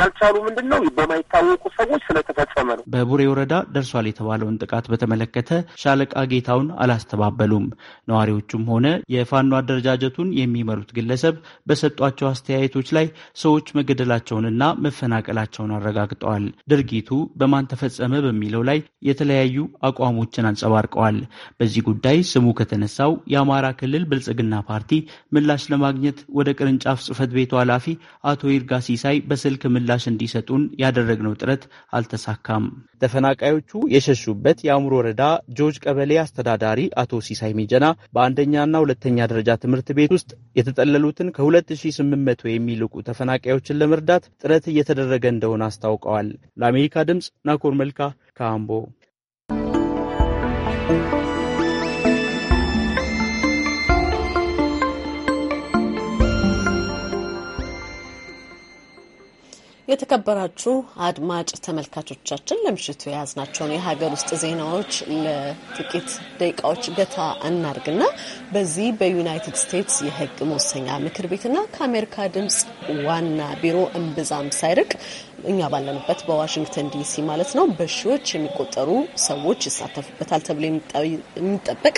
ያልቻሉ ምንድን ነው በማይታወቁ ሰዎች ስለተፈጸመ ነው። በቡሬ ወረዳ ደርሷል የተባለውን ጥቃት በተመለከተ ሻለቃ ጌታውን አላስተባበሉም። ነዋሪዎቹም ሆነ የፋኖ አደረጃጀቱን የሚመሩት ግለሰብ በሰጧቸው አስተያየቶች ላይ ሰዎች መገደላቸውንና መፈናቀላቸውን አረጋግጠዋል። ድርጊቱ በማን ተፈጸመ በሚለው ላይ የተለያዩ አቋሞችን አንጸባርቀዋል። በዚህ ጉዳይ ስሙ ከተነሳው የአማራ ክልል ብልጽግና ፓርቲ ምላሽ ለማግኘት ወደ ቅርንጫፍ ጽህፈት ቤቱ ኃላፊ አቶ ይርጋ ሲሳይ በስልክ ምላ ምላሽ እንዲሰጡን ያደረግነው ጥረት አልተሳካም። ተፈናቃዮቹ የሸሹበት የአእምሮ ወረዳ ጆጅ ቀበሌ አስተዳዳሪ አቶ ሲሳይ ሚጀና በአንደኛና ሁለተኛ ደረጃ ትምህርት ቤት ውስጥ የተጠለሉትን ከ2800 የሚልቁ ተፈናቃዮችን ለመርዳት ጥረት እየተደረገ እንደሆነ አስታውቀዋል። ለአሜሪካ ድምፅ ናኮር መልካ ከአምቦ የተከበራችሁ አድማጭ ተመልካቾቻችን ለምሽቱ የያዝናቸውን የሀገር ውስጥ ዜናዎች ለጥቂት ደቂቃዎች ገታ እናርግና በዚህ በዩናይትድ ስቴትስ የሕግ መወሰኛ ምክር ቤትና ከአሜሪካ ድምጽ ዋና ቢሮ እምብዛም ሳይርቅ እኛ ባለንበት በዋሽንግተን ዲሲ ማለት ነው በሺዎች የሚቆጠሩ ሰዎች ይሳተፉበታል ተብሎ የሚጠበቅ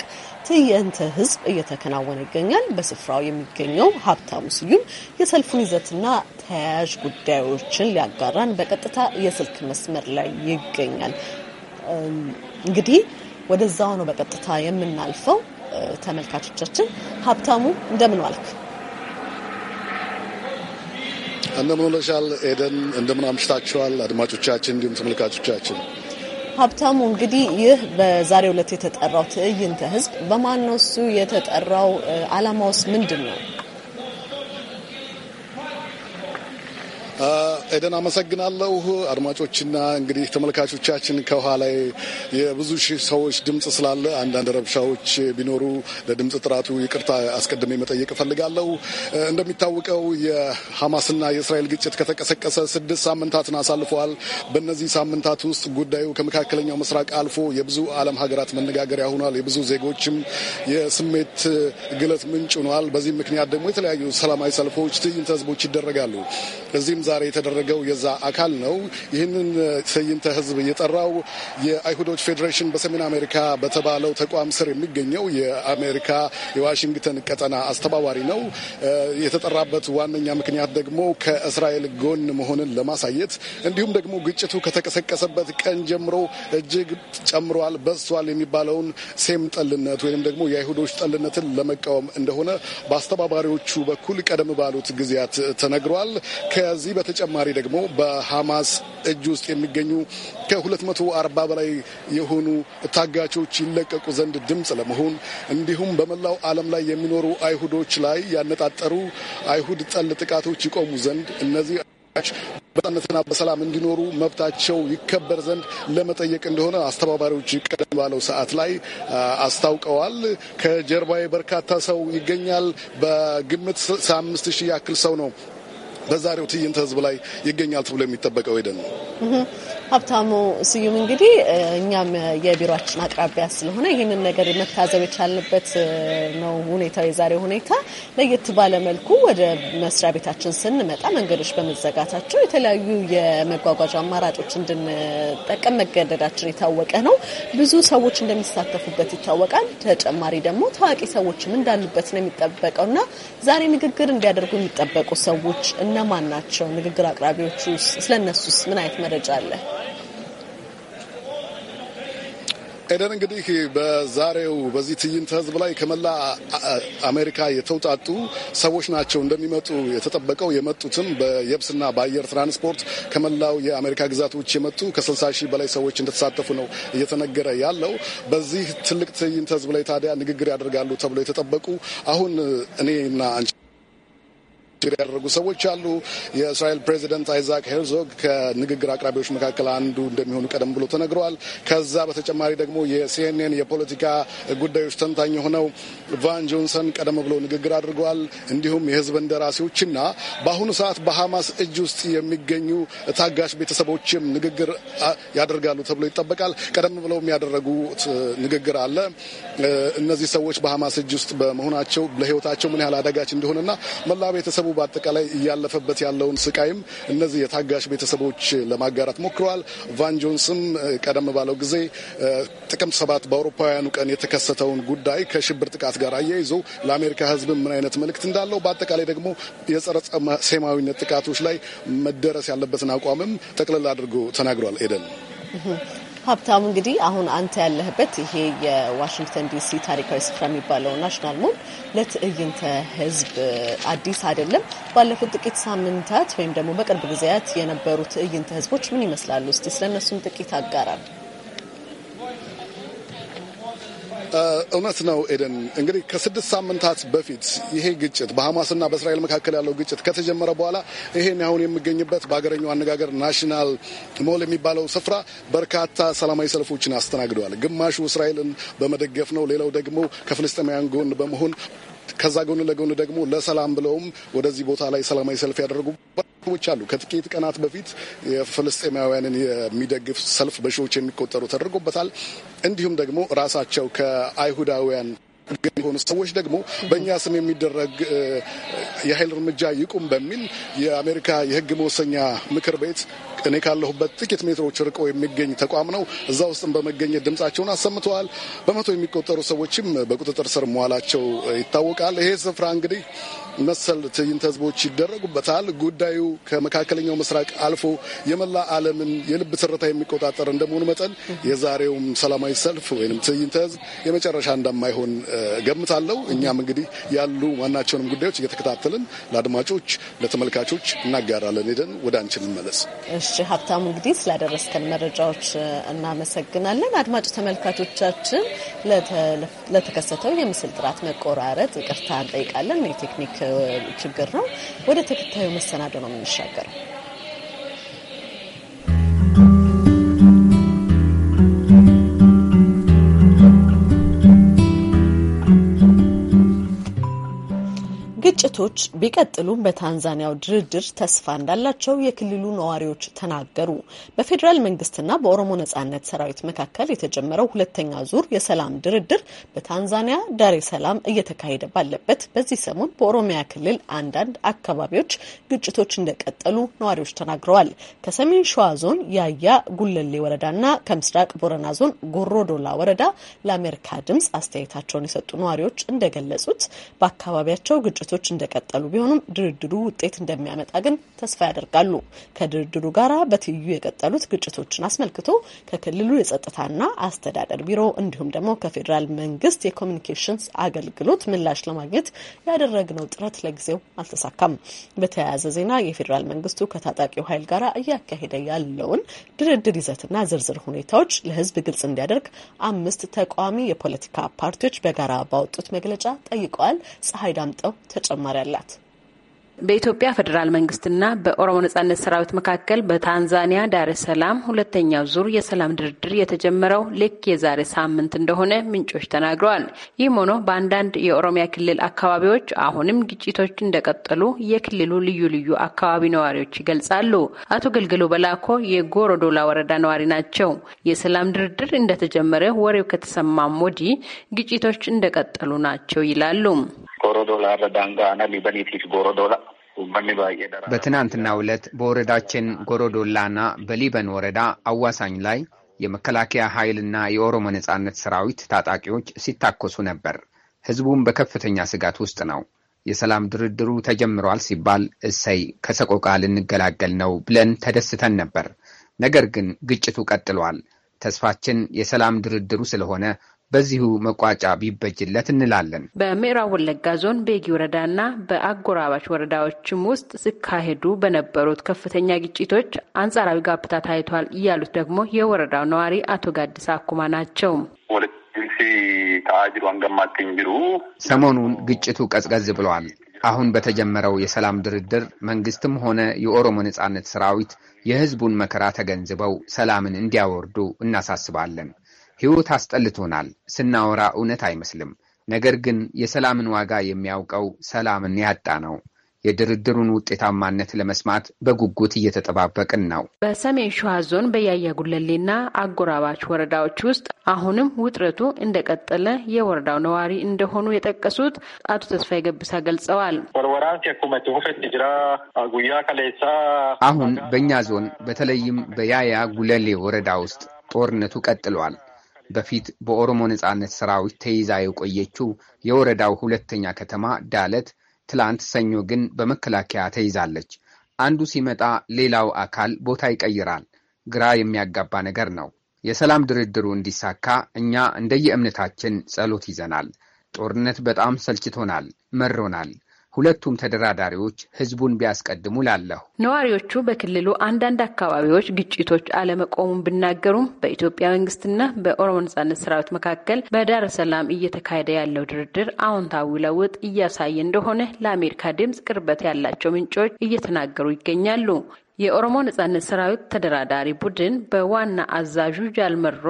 ትዕይንተ ህዝብ እየተከናወነ ይገኛል። በስፍራው የሚገኘው ሀብታሙ ስዩም የሰልፉን ይዘትና ተያያዥ ጉዳዮችን ሊያጋራን በቀጥታ የስልክ መስመር ላይ ይገኛል። እንግዲህ ወደዛው ነው በቀጥታ የምናልፈው። ተመልካቾቻችን ሀብታሙ እንደምን ዋልክ? እንደምን ውለሻል ኤደን? እንደምን አምሽታችኋል አድማጮቻችን እንዲሁም ተመልካቾቻችን ሀብታሙ እንግዲህ ይህ በዛሬው ዕለት የተጠራው ትዕይንተ ህዝብ በማን ነው እሱ የተጠራው? አላማውስ ምንድን ነው? ኤደን አመሰግናለሁ። አድማጮችና እንግዲህ ተመልካቾቻችን ከውሃ ላይ የብዙ ሺህ ሰዎች ድምፅ ስላለ አንዳንድ ረብሻዎች ቢኖሩ ለድምፅ ጥራቱ ይቅርታ አስቀድሜ መጠየቅ እፈልጋለሁ። እንደሚታወቀው የሐማስና የእስራኤል ግጭት ከተቀሰቀሰ ስድስት ሳምንታትን አሳልፈዋል። በእነዚህ ሳምንታት ውስጥ ጉዳዩ ከመካከለኛው ምስራቅ አልፎ የብዙ ዓለም ሀገራት መነጋገሪያ ሆኗል። የብዙ ዜጎችም የስሜት ግለት ምንጭ ሆኗል። በዚህ ምክንያት ደግሞ የተለያዩ ሰላማዊ ሰልፎች፣ ትዕይንተ ህዝቦች ይደረጋሉ። እዚህም ዛሬ የተደረገ ያደረገው የዛ አካል ነው። ይህንን ትዕይንተ ህዝብ የጠራው የአይሁዶች ፌዴሬሽን በሰሜን አሜሪካ በተባለው ተቋም ስር የሚገኘው የአሜሪካ የዋሽንግተን ቀጠና አስተባባሪ ነው። የተጠራበት ዋነኛ ምክንያት ደግሞ ከእስራኤል ጎን መሆንን ለማሳየት እንዲሁም ደግሞ ግጭቱ ከተቀሰቀሰበት ቀን ጀምሮ እጅግ ጨምሯል፣ በዝቷል የሚባለውን ሴም ጠልነት ወይም ደግሞ የአይሁዶች ጠልነትን ለመቃወም እንደሆነ በአስተባባሪዎቹ በኩል ቀደም ባሉት ጊዜያት ተነግሯል። ከዚህ በተጨማሪ በተጨማሪ ደግሞ በሐማስ እጅ ውስጥ የሚገኙ ከ240 በላይ የሆኑ ታጋቾች ይለቀቁ ዘንድ ድምፅ ለመሆን እንዲሁም በመላው ዓለም ላይ የሚኖሩ አይሁዶች ላይ ያነጣጠሩ አይሁድ ጠል ጥቃቶች ይቆሙ ዘንድ እነዚህ በነትና በሰላም እንዲኖሩ መብታቸው ይከበር ዘንድ ለመጠየቅ እንደሆነ አስተባባሪዎች ቀደም ባለው ሰዓት ላይ አስታውቀዋል። ከጀርባዬ በርካታ ሰው ይገኛል። በግምት አምስት ሺህ ያክል ሰው ነው በዛሬው ትዕይንተ ህዝብ ላይ ይገኛል ተብሎ የሚጠበቀው ሄደን ነው። ሀብታሙ ስዩም እንግዲህ እኛም የቢሮችን አቅራቢያ ስለሆነ ይህንን ነገር መታዘብ የቻልንበት ነው ሁኔታው። የዛሬ ሁኔታ ለየት ባለመልኩ ወደ መስሪያ ቤታችን ስንመጣ መንገዶች በመዘጋታቸው የተለያዩ የመጓጓዣ አማራጮች እንድንጠቀም መገደዳችን የታወቀ ነው። ብዙ ሰዎች እንደሚሳተፉበት ይታወቃል። ተጨማሪ ደግሞ ታዋቂ ሰዎችም እንዳሉበት ነው የሚጠበቀው እና ዛሬ ንግግር እንዲያደርጉ የሚጠበቁ ሰዎች እነማን ናቸው? ንግግር አቅራቢዎቹ ስለነሱስ ምን አይነት መረጃ አለ? ኤደን እንግዲህ በዛሬው በዚህ ትዕይንተ ህዝብ ላይ ከመላ አሜሪካ የተውጣጡ ሰዎች ናቸው እንደሚመጡ የተጠበቀው። የመጡትም በየብስና በአየር ትራንስፖርት ከመላው የአሜሪካ ግዛቶች የመጡ ከ60 ሺህ በላይ ሰዎች እንደተሳተፉ ነው እየተነገረ ያለው። በዚህ ትልቅ ትዕይንተ ህዝብ ላይ ታዲያ ንግግር ያደርጋሉ ተብሎ የተጠበቁ አሁን እኔና አንቺ ንግግር ያደረጉ ሰዎች አሉ። የእስራኤል ፕሬዚደንት አይዛክ ሄርዞግ ከንግግር አቅራቢዎች መካከል አንዱ እንደሚሆኑ ቀደም ብሎ ተነግረዋል። ከዛ በተጨማሪ ደግሞ የሲኤንኤን የፖለቲካ ጉዳዮች ተንታኝ የሆነው ቫን ጆንሰን ቀደም ብሎ ንግግር አድርገዋል። እንዲሁም የህዝብ እንደራሴዎችና በአሁኑ ሰዓት በሐማስ እጅ ውስጥ የሚገኙ ታጋሽ ቤተሰቦችም ንግግር ያደርጋሉ ተብሎ ይጠበቃል። ቀደም ብለው ያደረጉት ንግግር አለ። እነዚህ ሰዎች በሐማስ እጅ ውስጥ በመሆናቸው ለህይወታቸው ምን ያህል አደጋች እንደሆነና መላ ቤተሰቡ በአጠቃላይ እያለፈበት ያለውን ስቃይም እነዚህ የታጋሽ ቤተሰቦች ለማጋራት ሞክረዋል። ቫን ጆንስም ቀደም ባለው ጊዜ ጥቅምት ሰባት በአውሮፓውያኑ ቀን የተከሰተውን ጉዳይ ከሽብር ጥቃት ጋር አያይዞ ለአሜሪካ ሕዝብ ምን አይነት መልእክት እንዳለው በአጠቃላይ ደግሞ የጸረ ሴማዊነት ጥቃቶች ላይ መደረስ ያለበትን አቋምም ጠቅልል አድርጎ ተናግሯል። ኤደን ሀብታም እንግዲህ አሁን አንተ ያለህበት ይሄ የዋሽንግተን ዲሲ ታሪካዊ ስፍራ የሚባለው ናሽናል ሞል ለትዕይንተ ህዝብ አዲስ አይደለም። ባለፉት ጥቂት ሳምንታት ወይም ደግሞ በቅርብ ጊዜያት የነበሩ ትዕይንተ ህዝቦች ምን ይመስላሉ? እስቲ ስለእነሱም ጥቂት አጋራል። እውነት ነው ኤደን። እንግዲህ ከስድስት ሳምንታት በፊት ይሄ ግጭት በሐማስና በእስራኤል መካከል ያለው ግጭት ከተጀመረ በኋላ ይሄን አሁን የሚገኝበት በሀገረኛው አነጋገር ናሽናል ሞል የሚባለው ስፍራ በርካታ ሰላማዊ ሰልፎችን አስተናግደዋል። ግማሹ እስራኤልን በመደገፍ ነው፣ ሌላው ደግሞ ከፍልስጤማውያን ጎን በመሆን ከዛ ጎን ለጎን ደግሞ ለሰላም ብለውም ወደዚህ ቦታ ላይ ሰላማዊ ሰልፍ ያደረጉ ሰዎች አሉ። ከጥቂት ቀናት በፊት የፍልስጤማውያንን የሚደግፍ ሰልፍ በሺዎች የሚቆጠሩ ተደርጎበታል። እንዲሁም ደግሞ ራሳቸው ከአይሁዳውያን የሆኑ ሰዎች ደግሞ በእኛ ስም የሚደረግ የኃይል እርምጃ ይቁም በሚል የአሜሪካ የሕግ መወሰኛ ምክር ቤት እኔ ካለሁበት ጥቂት ሜትሮች ርቆ የሚገኝ ተቋም ነው። እዛ ውስጥም በመገኘት ድምጻቸውን አሰምተዋል። በመቶ የሚቆጠሩ ሰዎችም በቁጥጥር ስር መዋላቸው ይታወቃል። ይሄ ስፍራ እንግዲህ መሰል ትዕይንተ ህዝቦች ይደረጉበታል። ጉዳዩ ከመካከለኛው ምስራቅ አልፎ የመላ ዓለምን የልብ ትርታ የሚቆጣጠር እንደመሆኑ መጠን የዛሬውም ሰላማዊ ሰልፍ ወይም ትዕይንተ ህዝብ የመጨረሻ እንደማይሆን ገምታለሁ። እኛም እንግዲህ ያሉ ዋናቸውንም ጉዳዮች እየተከታተልን ለአድማጮች ለተመልካቾች እናጋራለን። ሄደን ወደ አንቺ ልመለስ። እሺ ሀብታሙ፣ እንግዲህ ስላደረስከን መረጃዎች እናመሰግናለን። አድማጭ ተመልካቾቻችን ለተከሰተው የምስል ጥራት መቆራረጥ ይቅርታ እንጠይቃለን። የቴክኒክ ችግር ነው። ወደ ተከታዩ መሰናዶ ነው የምንሻገረው። ግጭቶች ቢቀጥሉም በታንዛኒያው ድርድር ተስፋ እንዳላቸው የክልሉ ነዋሪዎች ተናገሩ። በፌዴራል መንግስትና በኦሮሞ ነጻነት ሰራዊት መካከል የተጀመረው ሁለተኛ ዙር የሰላም ድርድር በታንዛኒያ ዳሬ ሰላም እየተካሄደ ባለበት በዚህ ሰሞን በኦሮሚያ ክልል አንዳንድ አካባቢዎች ግጭቶች እንደቀጠሉ ነዋሪዎች ተናግረዋል። ከሰሜን ሸዋ ዞን ያያ ጉለሌ ወረዳና ከምስራቅ ቦረና ዞን ጎሮዶላ ወረዳ ለአሜሪካ ድምጽ አስተያየታቸውን የሰጡ ነዋሪዎች እንደገለጹት በአካባቢያቸው ግጭቶች ግጭቶች እንደቀጠሉ ቢሆኑም ድርድሩ ውጤት እንደሚያመጣ ግን ተስፋ ያደርጋሉ። ከድርድሩ ጋር በትይዩ የቀጠሉት ግጭቶችን አስመልክቶ ከክልሉ የጸጥታና አስተዳደር ቢሮ እንዲሁም ደግሞ ከፌዴራል መንግስት የኮሚኒኬሽንስ አገልግሎት ምላሽ ለማግኘት ያደረግነው ጥረት ለጊዜው አልተሳካም። በተያያዘ ዜና የፌዴራል መንግስቱ ከታጣቂው ኃይል ጋር እያካሄደ ያለውን ድርድር ይዘትና ዝርዝር ሁኔታዎች ለህዝብ ግልጽ እንዲያደርግ አምስት ተቃዋሚ የፖለቲካ ፓርቲዎች በጋራ ባወጡት መግለጫ ጠይቀዋል። ፀሐይ ዳምጠው ተጨማሪ አላት። በኢትዮጵያ ፌዴራል መንግስትና በኦሮሞ ነጻነት ሰራዊት መካከል በታንዛኒያ ዳሬ ሰላም ሁለተኛው ዙር የሰላም ድርድር የተጀመረው ልክ የዛሬ ሳምንት እንደሆነ ምንጮች ተናግረዋል። ይህም ሆኖ በአንዳንድ የኦሮሚያ ክልል አካባቢዎች አሁንም ግጭቶች እንደቀጠሉ የክልሉ ልዩ ልዩ አካባቢ ነዋሪዎች ይገልጻሉ። አቶ ገልገሎ በላኮ የጎሮዶላ ወረዳ ነዋሪ ናቸው። የሰላም ድርድር እንደተጀመረ ወሬው ከተሰማም ወዲህ ግጭቶች እንደቀጠሉ ናቸው ይላሉ። በትናንትና ዕለት በወረዳችን ጎሮዶላና በሊበን ወረዳ አዋሳኝ ላይ የመከላከያ ኃይልና የኦሮሞ ነጻነት ሰራዊት ታጣቂዎች ሲታኮሱ ነበር። ህዝቡም በከፍተኛ ስጋት ውስጥ ነው። የሰላም ድርድሩ ተጀምሯል ሲባል እሰይ ከሰቆቃ ልንገላገል ነው ብለን ተደስተን ነበር። ነገር ግን ግጭቱ ቀጥሏል። ተስፋችን የሰላም ድርድሩ ስለሆነ በዚሁ መቋጫ ቢበጅለት እንላለን። በምዕራብ ወለጋ ዞን ቤጊ ወረዳና በአጎራባች ወረዳዎችም ውስጥ ሲካሄዱ በነበሩት ከፍተኛ ግጭቶች አንጻራዊ ጋብታ ታይቷል እያሉት ደግሞ የወረዳው ነዋሪ አቶ ጋድስ አኩማ ናቸው። ሰሞኑን ግጭቱ ቀዝቀዝ ብለዋል። አሁን በተጀመረው የሰላም ድርድር መንግስትም ሆነ የኦሮሞ ነጻነት ሰራዊት የህዝቡን መከራ ተገንዝበው ሰላምን እንዲያወርዱ እናሳስባለን። ሕይወት አስጠልቶናል። ስናወራ እውነት አይመስልም። ነገር ግን የሰላምን ዋጋ የሚያውቀው ሰላምን ያጣ ነው። የድርድሩን ውጤታማነት ለመስማት በጉጉት እየተጠባበቅን ነው። በሰሜን ሸዋ ዞን በያያ ጉለሌና አጎራባች ወረዳዎች ውስጥ አሁንም ውጥረቱ እንደቀጠለ የወረዳው ነዋሪ እንደሆኑ የጠቀሱት አቶ ተስፋዬ ገብሳ ገልጸዋል። አሁን በእኛ ዞን በተለይም በያያ ጉለሌ ወረዳ ውስጥ ጦርነቱ ቀጥሏል። በፊት በኦሮሞ ነጻነት ሰራዊት ተይዛ የቆየችው የወረዳው ሁለተኛ ከተማ ዳለት ትላንት ሰኞ ግን በመከላከያ ተይዛለች። አንዱ ሲመጣ ሌላው አካል ቦታ ይቀይራል። ግራ የሚያጋባ ነገር ነው። የሰላም ድርድሩ እንዲሳካ እኛ እንደየእምነታችን ጸሎት ይዘናል። ጦርነት በጣም ሰልችቶናል፣ መሮናል። ሁለቱም ተደራዳሪዎች ህዝቡን ቢያስቀድሙ ላለሁ። ነዋሪዎቹ በክልሉ አንዳንድ አካባቢዎች ግጭቶች አለመቆሙን ቢናገሩም በኢትዮጵያ መንግስትና በኦሮሞ ነጻነት ሰራዊት መካከል በዳር ሰላም እየተካሄደ ያለው ድርድር አዎንታዊ ለውጥ እያሳየ እንደሆነ ለአሜሪካ ድምጽ ቅርበት ያላቸው ምንጮች እየተናገሩ ይገኛሉ። የኦሮሞ ነጻነት ሰራዊት ተደራዳሪ ቡድን በዋና አዛዡ ጃል መሮ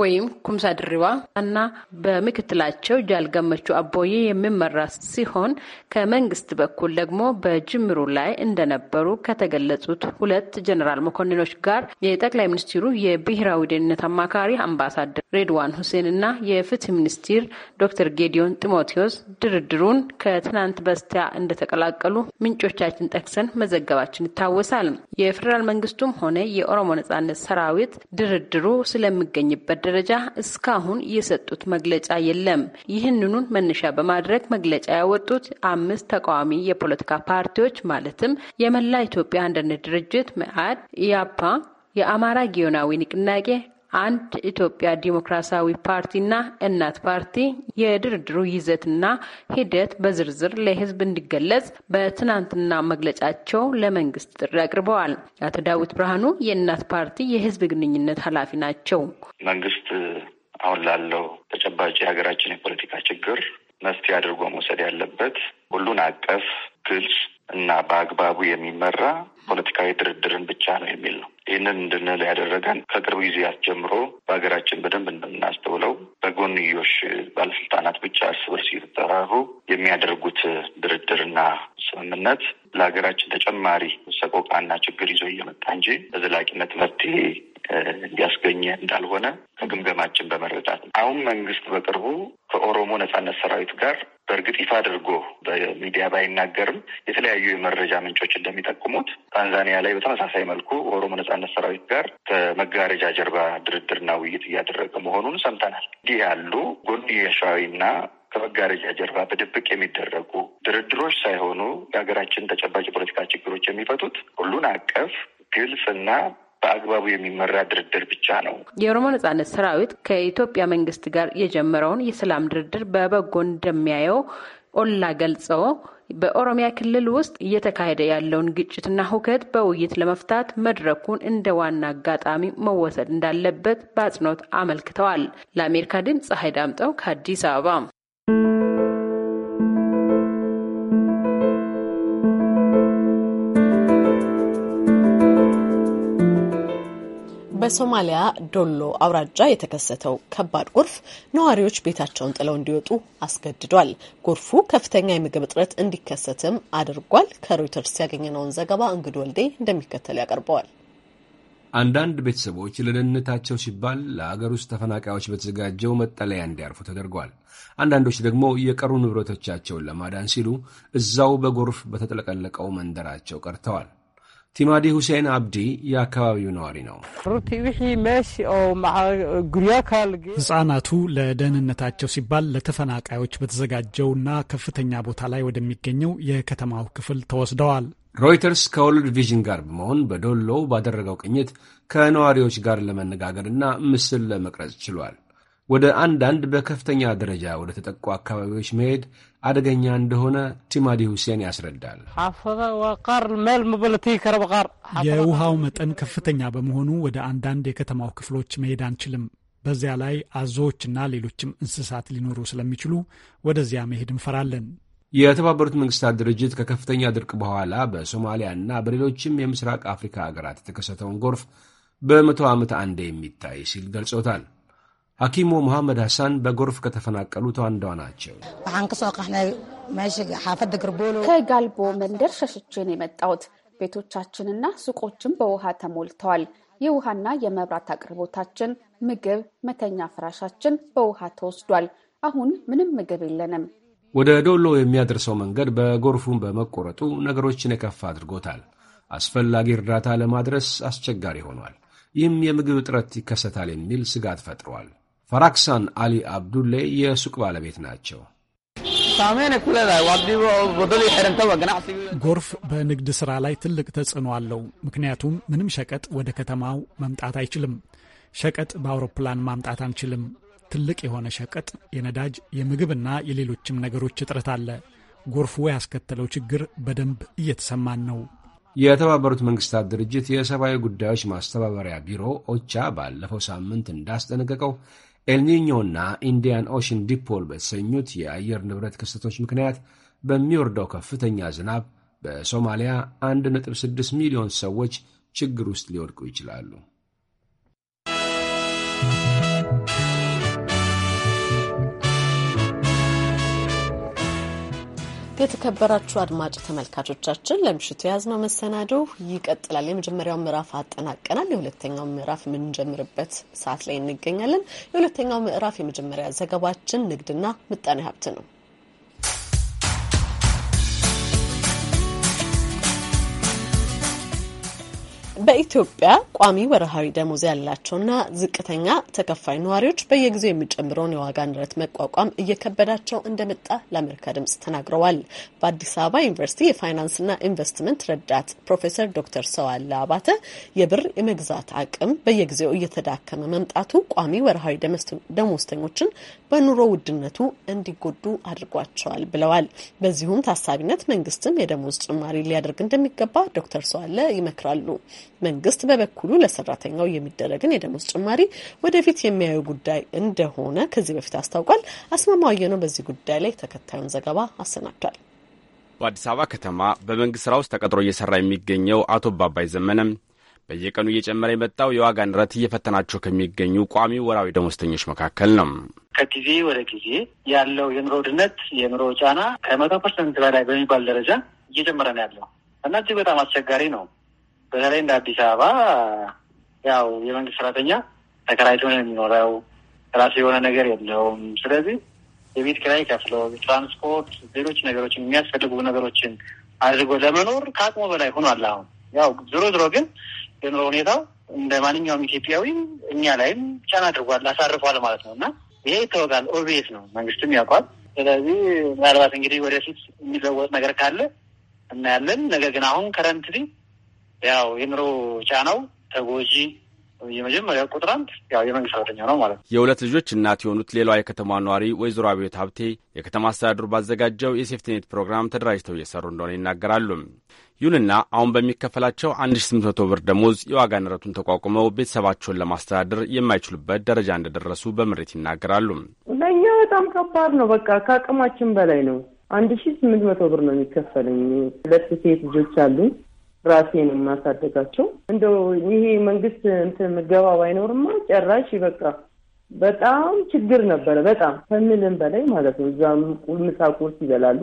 ወይም ኩምሳ ድሪባ እና በምክትላቸው ጃል ገመቹ አቦዬ የሚመራ ሲሆን ከመንግስት በኩል ደግሞ በጅምሩ ላይ እንደነበሩ ከተገለጹት ሁለት ጀኔራል መኮንኖች ጋር የጠቅላይ ሚኒስትሩ የብሔራዊ ደህንነት አማካሪ አምባሳደር ሬድዋን ሁሴን እና የፍትህ ሚኒስትር ዶክተር ጌዲዮን ጢሞቴዎስ ድርድሩን ከትናንት በስቲያ እንደተቀላቀሉ ምንጮቻችን ጠቅሰን መዘገባችን ይታወሳል። የፌዴራል መንግስቱም ሆነ የኦሮሞ ነጻነት ሰራዊት ድርድሩ ስለሚገኝበት ደረጃ እስካሁን የሰጡት መግለጫ የለም። ይህንኑን መነሻ በማድረግ መግለጫ ያወጡት አምስት ተቃዋሚ የፖለቲካ ፓርቲዎች ማለትም የመላ ኢትዮጵያ አንድነት ድርጅት መአድ፣ ኢያፓ፣ የአማራ ጊዮናዊ ንቅናቄ አንድ ኢትዮጵያ ዲሞክራሲያዊ ፓርቲና እናት ፓርቲ የድርድሩ ይዘትና ሂደት በዝርዝር ለሕዝብ እንዲገለጽ በትናንትና መግለጫቸው ለመንግስት ጥሪ አቅርበዋል። አቶ ዳዊት ብርሃኑ የእናት ፓርቲ የሕዝብ ግንኙነት ኃላፊ ናቸው። መንግስት አሁን ላለው ተጨባጭ የሀገራችን የፖለቲካ ችግር መፍትሄ አድርጎ መውሰድ ያለበት ሁሉን አቀፍ ግልጽ እና በአግባቡ የሚመራ ፖለቲካዊ ድርድርን ብቻ ነው የሚል ነው። ይህንን እንድንል ያደረገን ከቅርብ ጊዜያት ጀምሮ በሀገራችን በደንብ እንደምናስተውለው በጎንዮሽ ባለስልጣናት ብቻ እርስ በርስ እየተጠራሩ የሚያደርጉት ድርድርና ስምምነት ለሀገራችን ተጨማሪ ሰቆቃና ችግር ይዞ እየመጣ እንጂ በዘላቂነት መፍትሄ እንዲያስገኘ እንዳልሆነ ከግምገማችን በመረዳት ነው። አሁን መንግስት በቅርቡ ከኦሮሞ ነጻነት ሰራዊት ጋር በእርግጥ ይፋ አድርጎ በሚዲያ ባይናገርም የተለያዩ የመረጃ ምንጮች እንደሚጠቁሙት ታንዛኒያ ላይ በተመሳሳይ መልኩ ኦሮሞ ነጻነት ሰራዊት ጋር ከመጋረጃ ጀርባ ድርድርና ውይይት እያደረገ መሆኑን ሰምተናል። እንዲህ ያሉ ጎንዮሻዊና ከመጋረጃ ጀርባ በድብቅ የሚደረጉ ድርድሮች ሳይሆኑ የሀገራችን ተጨባጭ የፖለቲካ ችግሮች የሚፈቱት ሁሉን አቀፍ ግልጽና በአግባቡ የሚመራ ድርድር ብቻ ነው። የኦሮሞ ነጻነት ሰራዊት ከኢትዮጵያ መንግስት ጋር የጀመረውን የሰላም ድርድር በበጎ እንደሚያየው ኦላ ገልጸው በኦሮሚያ ክልል ውስጥ እየተካሄደ ያለውን ግጭትና ሁከት በውይይት ለመፍታት መድረኩን እንደ ዋና አጋጣሚ መወሰድ እንዳለበት በአጽንኦት አመልክተዋል። ለአሜሪካ ድምፅ ፀሐይ ዳምጠው ከአዲስ አበባ በሶማሊያ ዶሎ አውራጃ የተከሰተው ከባድ ጎርፍ ነዋሪዎች ቤታቸውን ጥለው እንዲወጡ አስገድዷል። ጎርፉ ከፍተኛ የምግብ እጥረት እንዲከሰትም አድርጓል። ከሮይተርስ ያገኘነውን ዘገባ እንግድ ወልዴ እንደሚከተል ያቀርበዋል። አንዳንድ ቤተሰቦች ለደህንነታቸው ሲባል ለአገር ውስጥ ተፈናቃዮች በተዘጋጀው መጠለያ እንዲያርፉ ተደርጓል። አንዳንዶች ደግሞ የቀሩ ንብረቶቻቸውን ለማዳን ሲሉ እዛው በጎርፍ በተጥለቀለቀው መንደራቸው ቀርተዋል። ቲማዲ ሁሴን አብዲ የአካባቢው ነዋሪ ነው። ሕፃናቱ ለደህንነታቸው ሲባል ለተፈናቃዮች በተዘጋጀውና ከፍተኛ ቦታ ላይ ወደሚገኘው የከተማው ክፍል ተወስደዋል። ሮይተርስ ከወርልድ ቪዥን ጋር በመሆን በዶሎ ባደረገው ቅኝት ከነዋሪዎች ጋር ለመነጋገርና ምስል ለመቅረጽ ችሏል። ወደ አንዳንድ በከፍተኛ ደረጃ ወደ ተጠቁ አካባቢዎች መሄድ አደገኛ እንደሆነ ቲማዲ ሁሴን ያስረዳል። የውሃው መጠን ከፍተኛ በመሆኑ ወደ አንዳንድ የከተማው ክፍሎች መሄድ አንችልም። በዚያ ላይ አዞዎችና ሌሎችም እንስሳት ሊኖሩ ስለሚችሉ ወደዚያ መሄድ እንፈራለን። የተባበሩት መንግስታት ድርጅት ከከፍተኛ ድርቅ በኋላ በሶማሊያ እና በሌሎችም የምስራቅ አፍሪካ ሀገራት የተከሰተውን ጎርፍ በመቶ ዓመት አንዴ የሚታይ ሲል ገልጾታል። ሐኪሙ መሐመድ ሐሳን በጎርፍ ከተፈናቀሉት አንዷ ናቸው። ከጋልቦ መንደር ሸሽቼን የመጣሁት። ቤቶቻችንና ሱቆችን በውሃ ተሞልተዋል። የውሃና የመብራት አቅርቦታችን፣ ምግብ፣ መተኛ ፍራሻችን በውሃ ተወስዷል። አሁን ምንም ምግብ የለንም። ወደ ዶሎ የሚያደርሰው መንገድ በጎርፉን በመቆረጡ ነገሮችን የከፋ አድርጎታል። አስፈላጊ እርዳታ ለማድረስ አስቸጋሪ ሆኗል። ይህም የምግብ እጥረት ይከሰታል የሚል ስጋት ፈጥሯል። ፈራክሳን አሊ አብዱሌ የሱቅ ባለቤት ናቸው። ጎርፍ በንግድ ሥራ ላይ ትልቅ ተጽዕኖ አለው። ምክንያቱም ምንም ሸቀጥ ወደ ከተማው መምጣት አይችልም። ሸቀጥ በአውሮፕላን ማምጣት አንችልም። ትልቅ የሆነ ሸቀጥ፣ የነዳጅ፣ የምግብና የሌሎችም ነገሮች እጥረት አለ። ጎርፉ ያስከተለው ችግር በደንብ እየተሰማን ነው። የተባበሩት መንግስታት ድርጅት የሰብአዊ ጉዳዮች ማስተባበሪያ ቢሮ ኦቻ ባለፈው ሳምንት እንዳስጠነቀቀው ኤልኒኞና ኢንዲያን ኦሽን ዲፖል በተሰኙት የአየር ንብረት ክስተቶች ምክንያት በሚወርደው ከፍተኛ ዝናብ በሶማሊያ 1.6 ሚሊዮን ሰዎች ችግር ውስጥ ሊወድቁ ይችላሉ። የተከበራችሁ አድማጭ ተመልካቾቻችን ለምሽቱ የያዝነው መሰናዶ ይቀጥላል። የመጀመሪያው ምዕራፍ አጠናቀናል። የሁለተኛው ምዕራፍ የምንጀምርበት ሰዓት ላይ እንገኛለን። የሁለተኛው ምዕራፍ የመጀመሪያ ዘገባችን ንግድና ምጣኔ ሀብት ነው። በኢትዮጵያ ቋሚ ወርሃዊ ደሞዝ ያላቸውና ዝቅተኛ ተከፋይ ነዋሪዎች በየጊዜው የሚጨምረውን የዋጋ ንረት መቋቋም እየከበዳቸው እንደመጣ ለአሜሪካ ድምጽ ተናግረዋል። በአዲስ አበባ ዩኒቨርሲቲ የፋይናንስና ኢንቨስትመንት ረዳት ፕሮፌሰር ዶክተር ሰዋለ አባተ የብር የመግዛት አቅም በየጊዜው እየተዳከመ መምጣቱ ቋሚ ወርሃዊ ደሞዝተኞችን በኑሮ ውድነቱ እንዲጎዱ አድርጓቸዋል ብለዋል። በዚሁም ታሳቢነት መንግስትም የደሞዝ ጭማሪ ሊያደርግ እንደሚገባ ዶክተር ሰዋለ ይመክራሉ። መንግስት በበኩሉ ለሰራተኛው የሚደረግን የደሞዝ ጭማሪ ወደፊት የሚያዩ ጉዳይ እንደሆነ ከዚህ በፊት አስታውቋል። አስማማው ነው በዚህ ጉዳይ ላይ ተከታዩን ዘገባ አሰናድቷል። በአዲስ አበባ ከተማ በመንግስት ስራ ውስጥ ተቀጥሮ እየሰራ የሚገኘው አቶ ባባይ ዘመነም በየቀኑ እየጨመረ የመጣው የዋጋ ንረት እየፈተናቸው ከሚገኙ ቋሚ ወራዊ ደሞዝተኞች መካከል ነው። ከጊዜ ወደ ጊዜ ያለው የኑሮ ውድነት የኑሮ ጫና ከመቶ ፐርሰንት በላይ በሚባል ደረጃ እየጨመረ ነው ያለው እና እጅግ በጣም አስቸጋሪ ነው። በተለይ እንደ አዲስ አበባ ያው የመንግስት ሰራተኛ ተከራይቶ ነው የሚኖረው። ራሱ የሆነ ነገር የለውም። ስለዚህ የቤት ኪራይ ከፍሎ ትራንስፖርት፣ ሌሎች ነገሮችን የሚያስፈልጉ ነገሮችን አድርጎ ለመኖር ከአቅሙ በላይ ሆኗል። አሁን ያው ዞሮ ዞሮ ግን የኑሮ ሁኔታው እንደ ማንኛውም ኢትዮጵያዊ እኛ ላይም ጫና አድርጓል፣ አሳርፏል ማለት ነው እና ይሄ ይታወቃል፣ ኦብቪየስ ነው፣ መንግስትም ያውቋል። ስለዚህ ምናልባት እንግዲህ ወደፊት የሚለወጥ ነገር ካለ እናያለን። ነገር ግን አሁን ከረንትሊ ያው የኑሮ ጫናው ተጎጂ የመጀመሪያ ቁጥራንት ያው የመንግስት ሰራተኛ ነው ማለት ነው። የሁለት ልጆች እናት የሆኑት ሌላዋ የከተማ ነዋሪ ወይዘሮ አብዮት ሀብቴ የከተማ አስተዳደሩ ባዘጋጀው የሴፍቲኔት ፕሮግራም ተደራጅተው እየሰሩ እንደሆነ ይናገራሉ። ይሁንና አሁን በሚከፈላቸው 1800 ብር ደሞዝ የዋጋ ንረቱን ተቋቁመው ቤተሰባቸውን ለማስተዳደር የማይችሉበት ደረጃ እንደደረሱ በምሬት ይናገራሉ። ለእኛ በጣም ከባድ ነው። በቃ ከአቅማችን በላይ ነው። አንድ ሺ ስምንት መቶ ብር ነው የሚከፈለኝ። ሁለት ሴት ልጆች አሉ። ራሴን የማሳደጋቸው እንደው ይሄ መንግስት እንትን ምገባ ባይኖርማ ጨራሽ በቃ በጣም ችግር ነበረ። በጣም ከምልም በላይ ማለት ነው። እዛም ምሳ ቁርስ ይበላሉ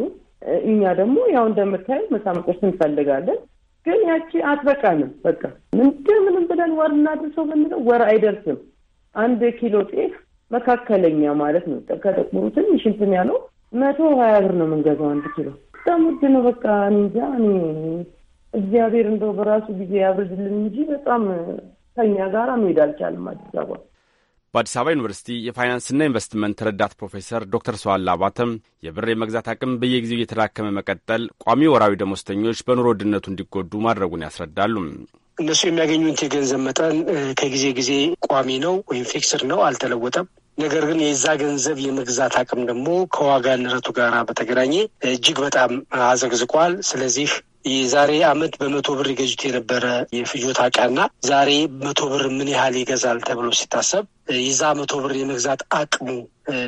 እኛ ደግሞ ያው እንደምታየው መሳመቆች እንፈልጋለን፣ ግን ያቺ አትበቃንም። በቃ ምንድን ምንም ብለን ወር እናድርሰው ብንለው ወር አይደርስም። አንድ ኪሎ ጤፍ መካከለኛ ማለት ነው ከጥቁሩ ትንሽ እንትን ያለው መቶ ሀያ ብር ነው የምንገዛው አንድ ኪሎ። በጣም ውድ ነው። በቃ እንጃ እግዚአብሔር እንደው በራሱ ጊዜ ያብርድልን እንጂ በጣም ከኛ ጋር መሄድ አልቻልም አዲስ አበባ በአዲስ አበባ ዩኒቨርሲቲ የፋይናንስና ኢንቨስትመንት ረዳት ፕሮፌሰር ዶክተር ሰዋላ አባተም የብር የመግዛት አቅም በየጊዜው እየተዳከመ መቀጠል ቋሚ ወራዊ ደሞዝተኞች በኑሮ ውድነቱ እንዲጎዱ ማድረጉን ያስረዳሉ። እነሱ የሚያገኙት የገንዘብ መጠን ከጊዜ ጊዜ ቋሚ ነው ወይም ፊክስድ ነው፣ አልተለወጠም። ነገር ግን የዛ ገንዘብ የመግዛት አቅም ደግሞ ከዋጋ ንረቱ ጋር በተገናኘ እጅግ በጣም አዘግዝቋል። ስለዚህ የዛሬ አመት በመቶ ብር ይገዙት የነበረ የፍጆታ እቃና ዛሬ መቶ ብር ምን ያህል ይገዛል ተብሎ ሲታሰብ የዛ መቶ ብር የመግዛት አቅሙ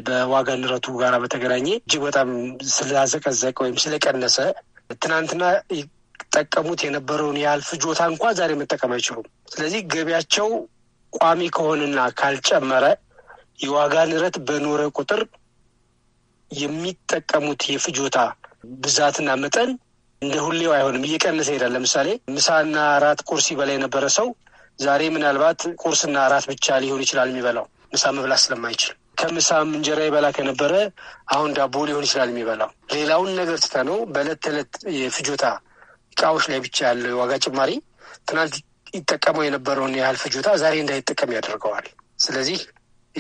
በዋጋ ንረቱ ጋር በተገናኘ እጅግ በጣም ስላዘቀዘቀ ወይም ስለቀነሰ ትናንትና ይጠቀሙት የነበረውን ያህል ፍጆታ እንኳ ዛሬ መጠቀም አይችሉም። ስለዚህ ገቢያቸው ቋሚ ከሆነና ካልጨመረ የዋጋ ንረት በኖረ ቁጥር የሚጠቀሙት የፍጆታ ብዛትና መጠን እንደ ሁሌው አይሆንም፣ እየቀነሰ ይሄዳል። ለምሳሌ ምሳና አራት ቁርስ ይበላ የነበረ ሰው ዛሬ ምናልባት ቁርስና አራት ብቻ ሊሆን ይችላል የሚበላው ምሳ መብላት ስለማይችል ከምሳም እንጀራ ይበላ ከነበረ አሁን ዳቦ ሊሆን ይችላል የሚበላው። ሌላውን ነገር ነው በእለት ተዕለት የፍጆታ እቃዎች ላይ ብቻ ያለው የዋጋ ጭማሪ ትናንት ይጠቀመው የነበረውን ያህል ፍጆታ ዛሬ እንዳይጠቀም ያደርገዋል። ስለዚህ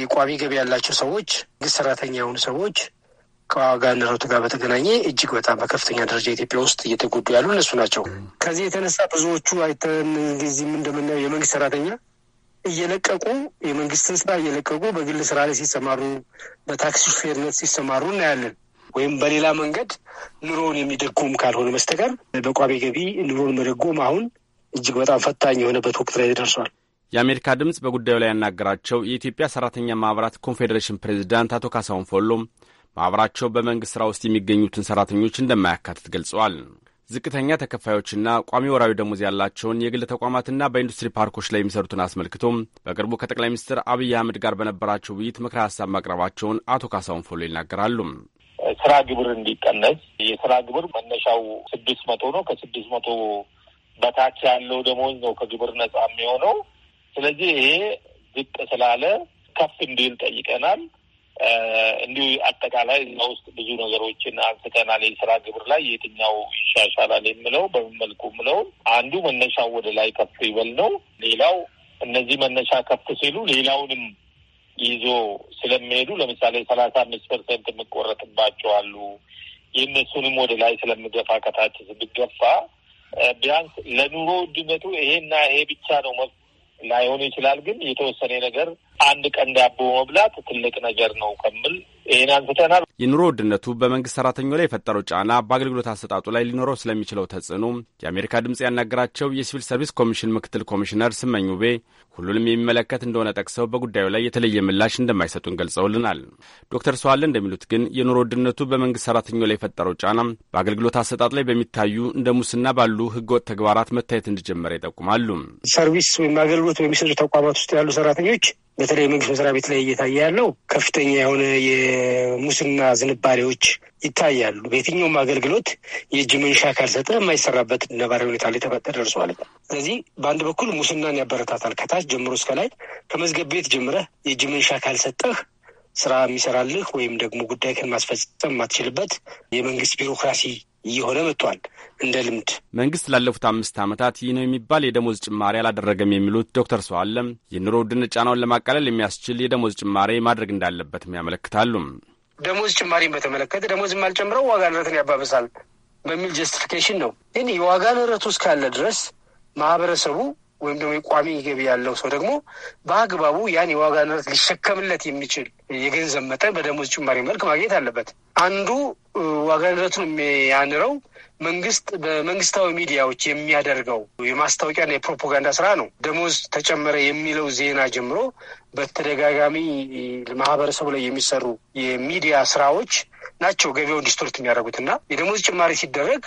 የቋሚ ገቢ ያላቸው ሰዎች፣ መንግስት ሰራተኛ የሆኑ ሰዎች ከዋጋ ንረቱ ጋር በተገናኘ እጅግ በጣም በከፍተኛ ደረጃ ኢትዮጵያ ውስጥ እየተጎዱ ያሉ እነሱ ናቸው። ከዚህ የተነሳ ብዙዎቹ አይተን ጊዜም እንደምናየው የመንግስት ሰራተኛ እየለቀቁ የመንግስትን ስራ እየለቀቁ በግል ስራ ላይ ሲሰማሩ፣ በታክሲ ሹፌርነት ሲሰማሩ እናያለን። ወይም በሌላ መንገድ ኑሮውን የሚደጎም ካልሆነ በስተቀር በቋሚ ገቢ ኑሮን መደጎም አሁን እጅግ በጣም ፈታኝ የሆነበት ወቅት ላይ ደርሷል። የአሜሪካ ድምፅ በጉዳዩ ላይ ያናገራቸው የኢትዮጵያ ሰራተኛ ማህበራት ኮንፌዴሬሽን ፕሬዚዳንት አቶ ካሳሁን ፎሎም ማኅበራቸው በመንግሥት ሥራ ውስጥ የሚገኙትን ሠራተኞች እንደማያካትት ገልጸዋል። ዝቅተኛ ተከፋዮችና ቋሚ ወራዊ ደሞዝ ያላቸውን የግል ተቋማትና በኢንዱስትሪ ፓርኮች ላይ የሚሰሩትን አስመልክቶ በቅርቡ ከጠቅላይ ሚኒስትር አብይ አህመድ ጋር በነበራቸው ውይይት ምክረ ሀሳብ ማቅረባቸውን አቶ ካሳሁን ፎሎ ይናገራሉ። ስራ ግብር እንዲቀነስ የስራ ግብር መነሻው ስድስት መቶ ነው። ከስድስት መቶ በታች ያለው ደሞዝ ነው ከግብር ነጻ የሚሆነው። ስለዚህ ይሄ ዝቅ ስላለ ከፍ እንዲል ጠይቀናል። እንዲሁ አጠቃላይ እዛ ውስጥ ብዙ ነገሮችን አንስተናል። የስራ ግብር ላይ የትኛው ይሻሻላል የምለው በመልኩ ምለው አንዱ መነሻው ወደ ላይ ከፍ ይበል ነው። ሌላው እነዚህ መነሻ ከፍ ሲሉ ሌላውንም ይዞ ስለሚሄዱ ለምሳሌ ሰላሳ አምስት ፐርሰንት የምቆረጥባቸው አሉ። የእነሱንም ወደ ላይ ስለምገፋ ከታች ብገፋ ቢያንስ ለኑሮ ውድነቱ ይሄና ይሄ ብቻ ነው መፍ ላይሆን ይችላል፣ ግን የተወሰነ ነገር አንድ ቀን ዳቦ መብላት ትልቅ ነገር ነው ከምል ይህን አንስተናል። የኑሮ ውድነቱ በመንግስት ሰራተኞች ላይ የፈጠረው ጫና በአገልግሎት አሰጣጡ ላይ ሊኖረው ስለሚችለው ተጽዕኖ የአሜሪካ ድምፅ ያናገራቸው የሲቪል ሰርቪስ ኮሚሽን ምክትል ኮሚሽነር ስመኝ ውቤ ሁሉንም የሚመለከት እንደሆነ ጠቅሰው በጉዳዩ ላይ የተለየ ምላሽ እንደማይሰጡን ገልጸውልናል። ዶክተር ሰዋለ እንደሚሉት ግን የኑሮ ውድነቱ በመንግስት ሰራተኞች ላይ የፈጠረው ጫና በአገልግሎት አሰጣጥ ላይ በሚታዩ እንደ ሙስና ባሉ ህገወጥ ተግባራት መታየት እንዲጀመረ ይጠቁማሉ። ሰርቪስ ወይም አገልግሎት በሚሰጡ ተቋማት ውስጥ ያሉ ሰራተኞች በተለይ መንግስት መስሪያ ቤት ላይ እየታየ ያለው ከፍተኛ የሆነ የሙስና ዝንባሌዎች ይታያሉ። በየትኛውም አገልግሎት የእጅ መንሻ ካልሰጠ የማይሰራበት ነባራዊ ሁኔታ ላይ ነው። ስለዚህ በአንድ በኩል ሙስናን ያበረታታል። ከታች ጀምሮ እስከ ላይ ከመዝገብ ቤት ጀምረህ የእጅ መንሻ ካልሰጠህ ስራ የሚሰራልህ ወይም ደግሞ ጉዳይህን ማስፈጸም የማትችልበት የመንግስት ቢሮክራሲ እየሆነ መጥቷል እንደ ልምድ። መንግስት ላለፉት አምስት ዓመታት ይህ ነው የሚባል የደሞዝ ጭማሪ አላደረገም የሚሉት ዶክተር ሰዋለም የኑሮ ውድነት ጫናውን ለማቃለል የሚያስችል የደሞዝ ጭማሪ ማድረግ እንዳለበትም ያመለክታሉ። ደሞዝ ጭማሪን በተመለከተ ደሞዝ የማልጨምረው ዋጋ ንረትን ያባብሳል በሚል ጀስቲፊኬሽን ነው። ግን የዋጋ ንረቱ እስካለ ድረስ ማህበረሰቡ ወይም ደግሞ የቋሚ ገቢ ያለው ሰው ደግሞ በአግባቡ ያን የዋጋ ንረት ሊሸከምለት የሚችል የገንዘብ መጠን በደሞዝ ጭማሪ መልክ ማግኘት አለበት። አንዱ ዋጋ ንረቱን የሚያንረው መንግስት በመንግስታዊ ሚዲያዎች የሚያደርገው የማስታወቂያና የፕሮፓጋንዳ ስራ ነው። ደሞዝ ተጨመረ የሚለው ዜና ጀምሮ በተደጋጋሚ ማህበረሰቡ ላይ የሚሰሩ የሚዲያ ስራዎች ናቸው ገበያውን ዲስቶርት የሚያደርጉት እና የደሞዝ ጭማሪ ሲደረግ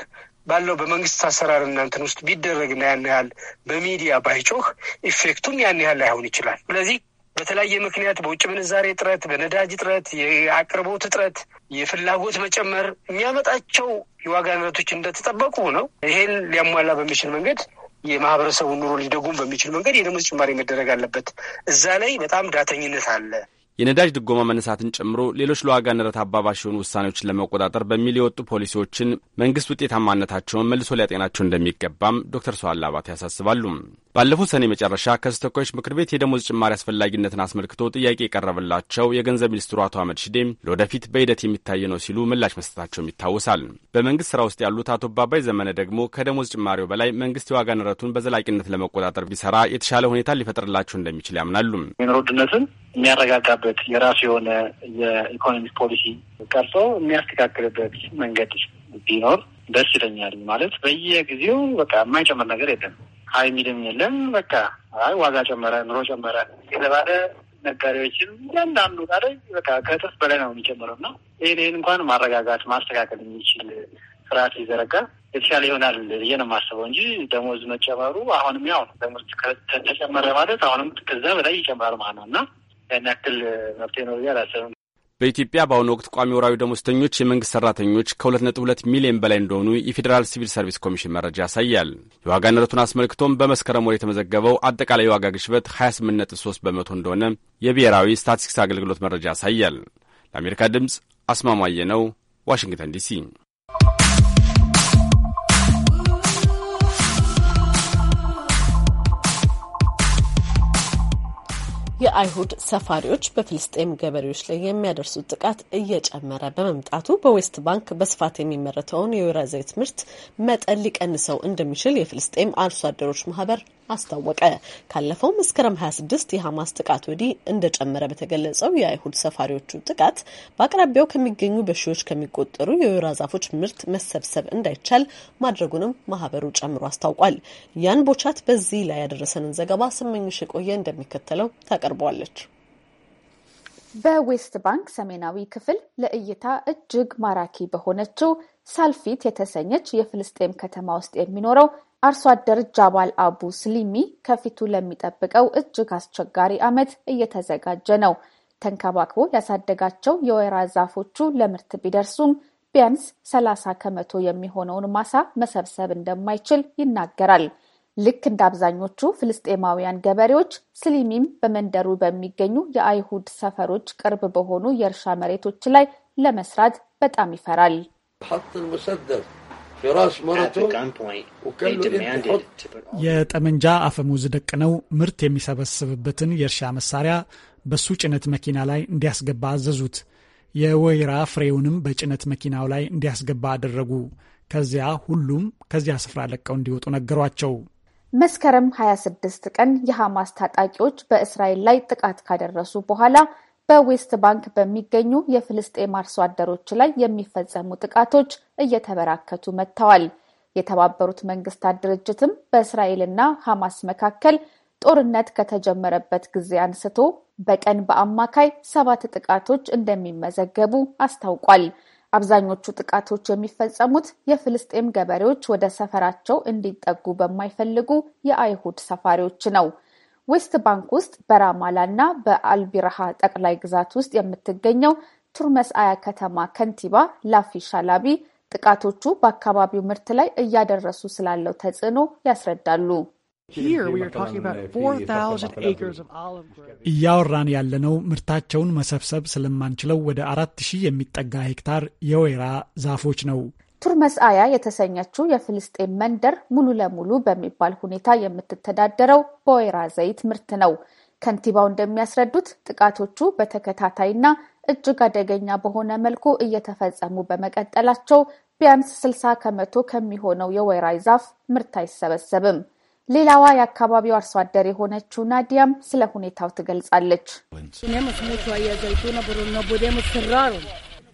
ባለው በመንግስት አሰራር እናንተን ውስጥ ቢደረግና ያን ያህል በሚዲያ ባይጮህ ኢፌክቱም ያን ያህል ላይሆን ይችላል። ስለዚህ በተለያየ ምክንያት በውጭ ምንዛሬ እጥረት፣ በነዳጅ እጥረት፣ የአቅርቦት እጥረት፣ የፍላጎት መጨመር የሚያመጣቸው የዋጋ ንረቶች እንደተጠበቁ ነው። ይሄን ሊያሟላ በሚችል መንገድ የማህበረሰቡን ኑሮ ሊደጉም በሚችል መንገድ የደሞዝ ጭማሪ መደረግ አለበት። እዛ ላይ በጣም ዳተኝነት አለ። የነዳጅ ድጎማ መነሳትን ጨምሮ ሌሎች ለዋጋ ንረት አባባሽ የሆኑ ውሳኔዎችን ለመቆጣጠር በሚል የወጡ ፖሊሲዎችን መንግስት ውጤታማነታቸውን መልሶ ሊያጤናቸው እንደሚገባም ዶክተር ሰዋላ አባተ ያሳስባሉ። ባለፉት ሰኔ መጨረሻ ከሕዝብ ምክር ቤት የደሞዝ ጭማሪ አስፈላጊነትን አስመልክቶ ጥያቄ የቀረበላቸው የገንዘብ ሚኒስትሩ አቶ አህመድ ሽዴ ለወደፊት በሂደት የሚታይ ነው ሲሉ ምላሽ መስጠታቸውም ይታወሳል። በመንግስት ስራ ውስጥ ያሉት አቶ ባባይ ዘመነ ደግሞ ከደሞዝ ጭማሪው በላይ መንግስት የዋጋ ንረቱን በዘላቂነት ለመቆጣጠር ቢሰራ የተሻለ ሁኔታ ሊፈጥርላቸው እንደሚችል ያምናሉ። የኑሮ ውድነትን የሚያረጋጋ የሚያስተካክልበት የራሱ የሆነ የኢኮኖሚክ ፖሊሲ ቀርጾ የሚያስተካክልበት መንገድ ቢኖር ደስ ይለኛል። ማለት በየጊዜው በቃ የማይጨምር ነገር የለም። ሀይ የሚልም የለም። በቃ አይ ዋጋ ጨመረ፣ ኑሮ ጨመረ የተባለ ነጋዴዎችም እያንዳንዱ ዕቃ በቃ ከእጥፍ በላይ ነው የሚጨምረው እና ይህን እንኳን ማረጋጋት ማስተካከል የሚችል ስርዓት ሊዘረጋ የተሻለ ይሆናል ብዬ ነው የማስበው እንጂ ደሞዝ መጨመሩ አሁንም ያው ነው። ደሞዝ ተጨመረ ማለት አሁንም ከዛ በላይ ይጨምራል ማለት ነው እና ያን ያክል መፍትሄ ነው ብዬ አላሰብም። በኢትዮጵያ በአሁኑ ወቅት ቋሚ ወራዊ ደሞዝተኞች የመንግስት ሰራተኞች ከ2.2 ሚሊዮን በላይ እንደሆኑ የፌዴራል ሲቪል ሰርቪስ ኮሚሽን መረጃ ያሳያል። የዋጋ ንረቱን አስመልክቶም በመስከረም ወር የተመዘገበው አጠቃላይ የዋጋ ግሽበት 28.3 በመቶ እንደሆነ የብሔራዊ ስታቲስቲክስ አገልግሎት መረጃ ያሳያል። ለአሜሪካ ድምፅ አስማማየ ነው፣ ዋሽንግተን ዲሲ የአይሁድ ሰፋሪዎች በፍልስጤም ገበሬዎች ላይ የሚያደርሱት ጥቃት እየጨመረ በመምጣቱ በዌስት ባንክ በስፋት የሚመረተውን የወይራ ዘይት ምርት መጠን ሊቀንሰው እንደሚችል የፍልስጤም አርሶ አደሮች ማህበር አስታወቀ። ካለፈው መስከረም 26 የሐማስ ጥቃት ወዲህ እንደጨመረ በተገለጸው የአይሁድ ሰፋሪዎቹ ጥቃት በአቅራቢያው ከሚገኙ በሺዎች ከሚቆጠሩ የወይራ ዛፎች ምርት መሰብሰብ እንዳይቻል ማድረጉንም ማህበሩ ጨምሮ አስታውቋል። ያን ቦቻት በዚህ ላይ ያደረሰንን ዘገባ ስመኝሽ የቆየ እንደሚከተለው ታቀርባል። ታቀርበዋለች። በዌስት ባንክ ሰሜናዊ ክፍል ለእይታ እጅግ ማራኪ በሆነችው ሳልፊት የተሰኘች የፍልስጤም ከተማ ውስጥ የሚኖረው አርሶ አደር ጃባል አቡ ስሊሚ ከፊቱ ለሚጠብቀው እጅግ አስቸጋሪ ዓመት እየተዘጋጀ ነው። ተንከባክቦ ያሳደጋቸው የወይራ ዛፎቹ ለምርት ቢደርሱም ቢያንስ ሰላሳ ከመቶ የሚሆነውን ማሳ መሰብሰብ እንደማይችል ይናገራል። ልክ እንደ አብዛኞቹ ፍልስጤማውያን ገበሬዎች ስሊሚም በመንደሩ በሚገኙ የአይሁድ ሰፈሮች ቅርብ በሆኑ የእርሻ መሬቶች ላይ ለመስራት በጣም ይፈራል። የጠመንጃ አፈሙዝ ደቅነው ምርት የሚሰበስብበትን የእርሻ መሳሪያ በሱ ጭነት መኪና ላይ እንዲያስገባ አዘዙት። የወይራ ፍሬውንም በጭነት መኪናው ላይ እንዲያስገባ አደረጉ። ከዚያ ሁሉም ከዚያ ስፍራ ለቀው እንዲወጡ ነገሯቸው። መስከረም 26 ቀን የሐማስ ታጣቂዎች በእስራኤል ላይ ጥቃት ካደረሱ በኋላ በዌስት ባንክ በሚገኙ የፍልስጤም አርሶ አደሮች ላይ የሚፈጸሙ ጥቃቶች እየተበራከቱ መጥተዋል። የተባበሩት መንግስታት ድርጅትም በእስራኤልና ሐማስ መካከል ጦርነት ከተጀመረበት ጊዜ አንስቶ በቀን በአማካይ ሰባት ጥቃቶች እንደሚመዘገቡ አስታውቋል። አብዛኞቹ ጥቃቶች የሚፈጸሙት የፍልስጤም ገበሬዎች ወደ ሰፈራቸው እንዲጠጉ በማይፈልጉ የአይሁድ ሰፋሪዎች ነው። ዌስት ባንክ ውስጥ በራማላ እና በአልቢረሃ ጠቅላይ ግዛት ውስጥ የምትገኘው ቱርመስ አያ ከተማ ከንቲባ ላፊ ሻላቢ ጥቃቶቹ በአካባቢው ምርት ላይ እያደረሱ ስላለው ተጽዕኖ ያስረዳሉ። እያወራን ያለነው ምርታቸውን መሰብሰብ ስለማንችለው ወደ አራት ሺህ የሚጠጋ ሄክታር የወይራ ዛፎች ነው። ቱርመስአያ የተሰኘችው የፍልስጤም መንደር ሙሉ ለሙሉ በሚባል ሁኔታ የምትተዳደረው በወይራ ዘይት ምርት ነው። ከንቲባው እንደሚያስረዱት ጥቃቶቹ በተከታታይና እጅግ አደገኛ በሆነ መልኩ እየተፈጸሙ በመቀጠላቸው ቢያንስ 60 ከመቶ ከሚሆነው የወይራ ዛፍ ምርት አይሰበሰብም። ሌላዋ የአካባቢው አርሶ አደር የሆነችው ናዲያም ስለ ሁኔታው ትገልጻለች።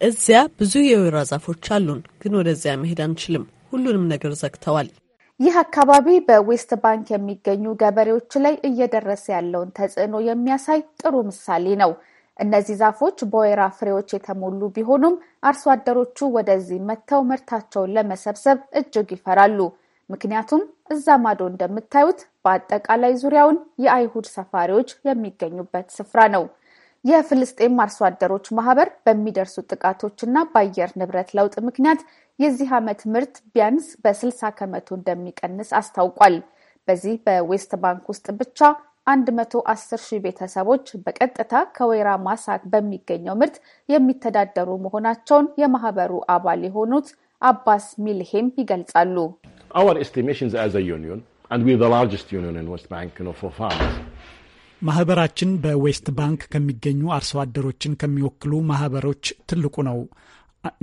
እዚያ ብዙ የወይራ ዛፎች አሉን፣ ግን ወደዚያ መሄድ አንችልም። ሁሉንም ነገር ዘግተዋል። ይህ አካባቢ በዌስት ባንክ የሚገኙ ገበሬዎች ላይ እየደረሰ ያለውን ተጽዕኖ የሚያሳይ ጥሩ ምሳሌ ነው። እነዚህ ዛፎች በወይራ ፍሬዎች የተሞሉ ቢሆኑም አርሶ አደሮቹ ወደዚህ መጥተው ምርታቸውን ለመሰብሰብ እጅግ ይፈራሉ። ምክንያቱም እዛ ማዶ እንደምታዩት በአጠቃላይ ዙሪያውን የአይሁድ ሰፋሪዎች የሚገኙበት ስፍራ ነው። የፍልስጤም አርሶ አደሮች ማህበር በሚደርሱ ጥቃቶች እና በአየር ንብረት ለውጥ ምክንያት የዚህ ዓመት ምርት ቢያንስ በ60 ከመቶ እንደሚቀንስ አስታውቋል። በዚህ በዌስት ባንክ ውስጥ ብቻ 110 ሺህ ቤተሰቦች በቀጥታ ከወይራ ማሳ በሚገኘው ምርት የሚተዳደሩ መሆናቸውን የማህበሩ አባል የሆኑት አባስ ሚልሄም ይገልጻሉ። ማህበራችን በዌስት ባንክ ከሚገኙ አርሶ አደሮችን ከሚወክሉ ማህበሮች ትልቁ ነው።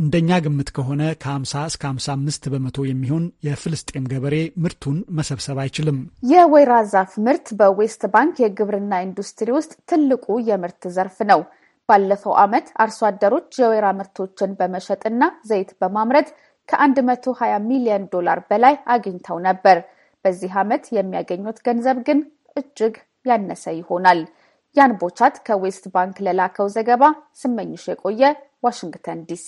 እንደኛ ግምት ከሆነ ከ50 እስከ 55 በመቶ የሚሆን የፍልስጤም ገበሬ ምርቱን መሰብሰብ አይችልም። የወይራ ዛፍ ምርት በዌስት ባንክ የግብርና ኢንዱስትሪ ውስጥ ትልቁ የምርት ዘርፍ ነው። ባለፈው ዓመት አርሶ አደሮች የወይራ ምርቶችን በመሸጥና ዘይት በማምረት ከ120 ሚሊዮን ዶላር በላይ አግኝተው ነበር። በዚህ ዓመት የሚያገኙት ገንዘብ ግን እጅግ ያነሰ ይሆናል። ያን ቦቻት ከዌስት ባንክ ለላከው ዘገባ ስመኝሽ የቆየ ዋሽንግተን ዲሲ።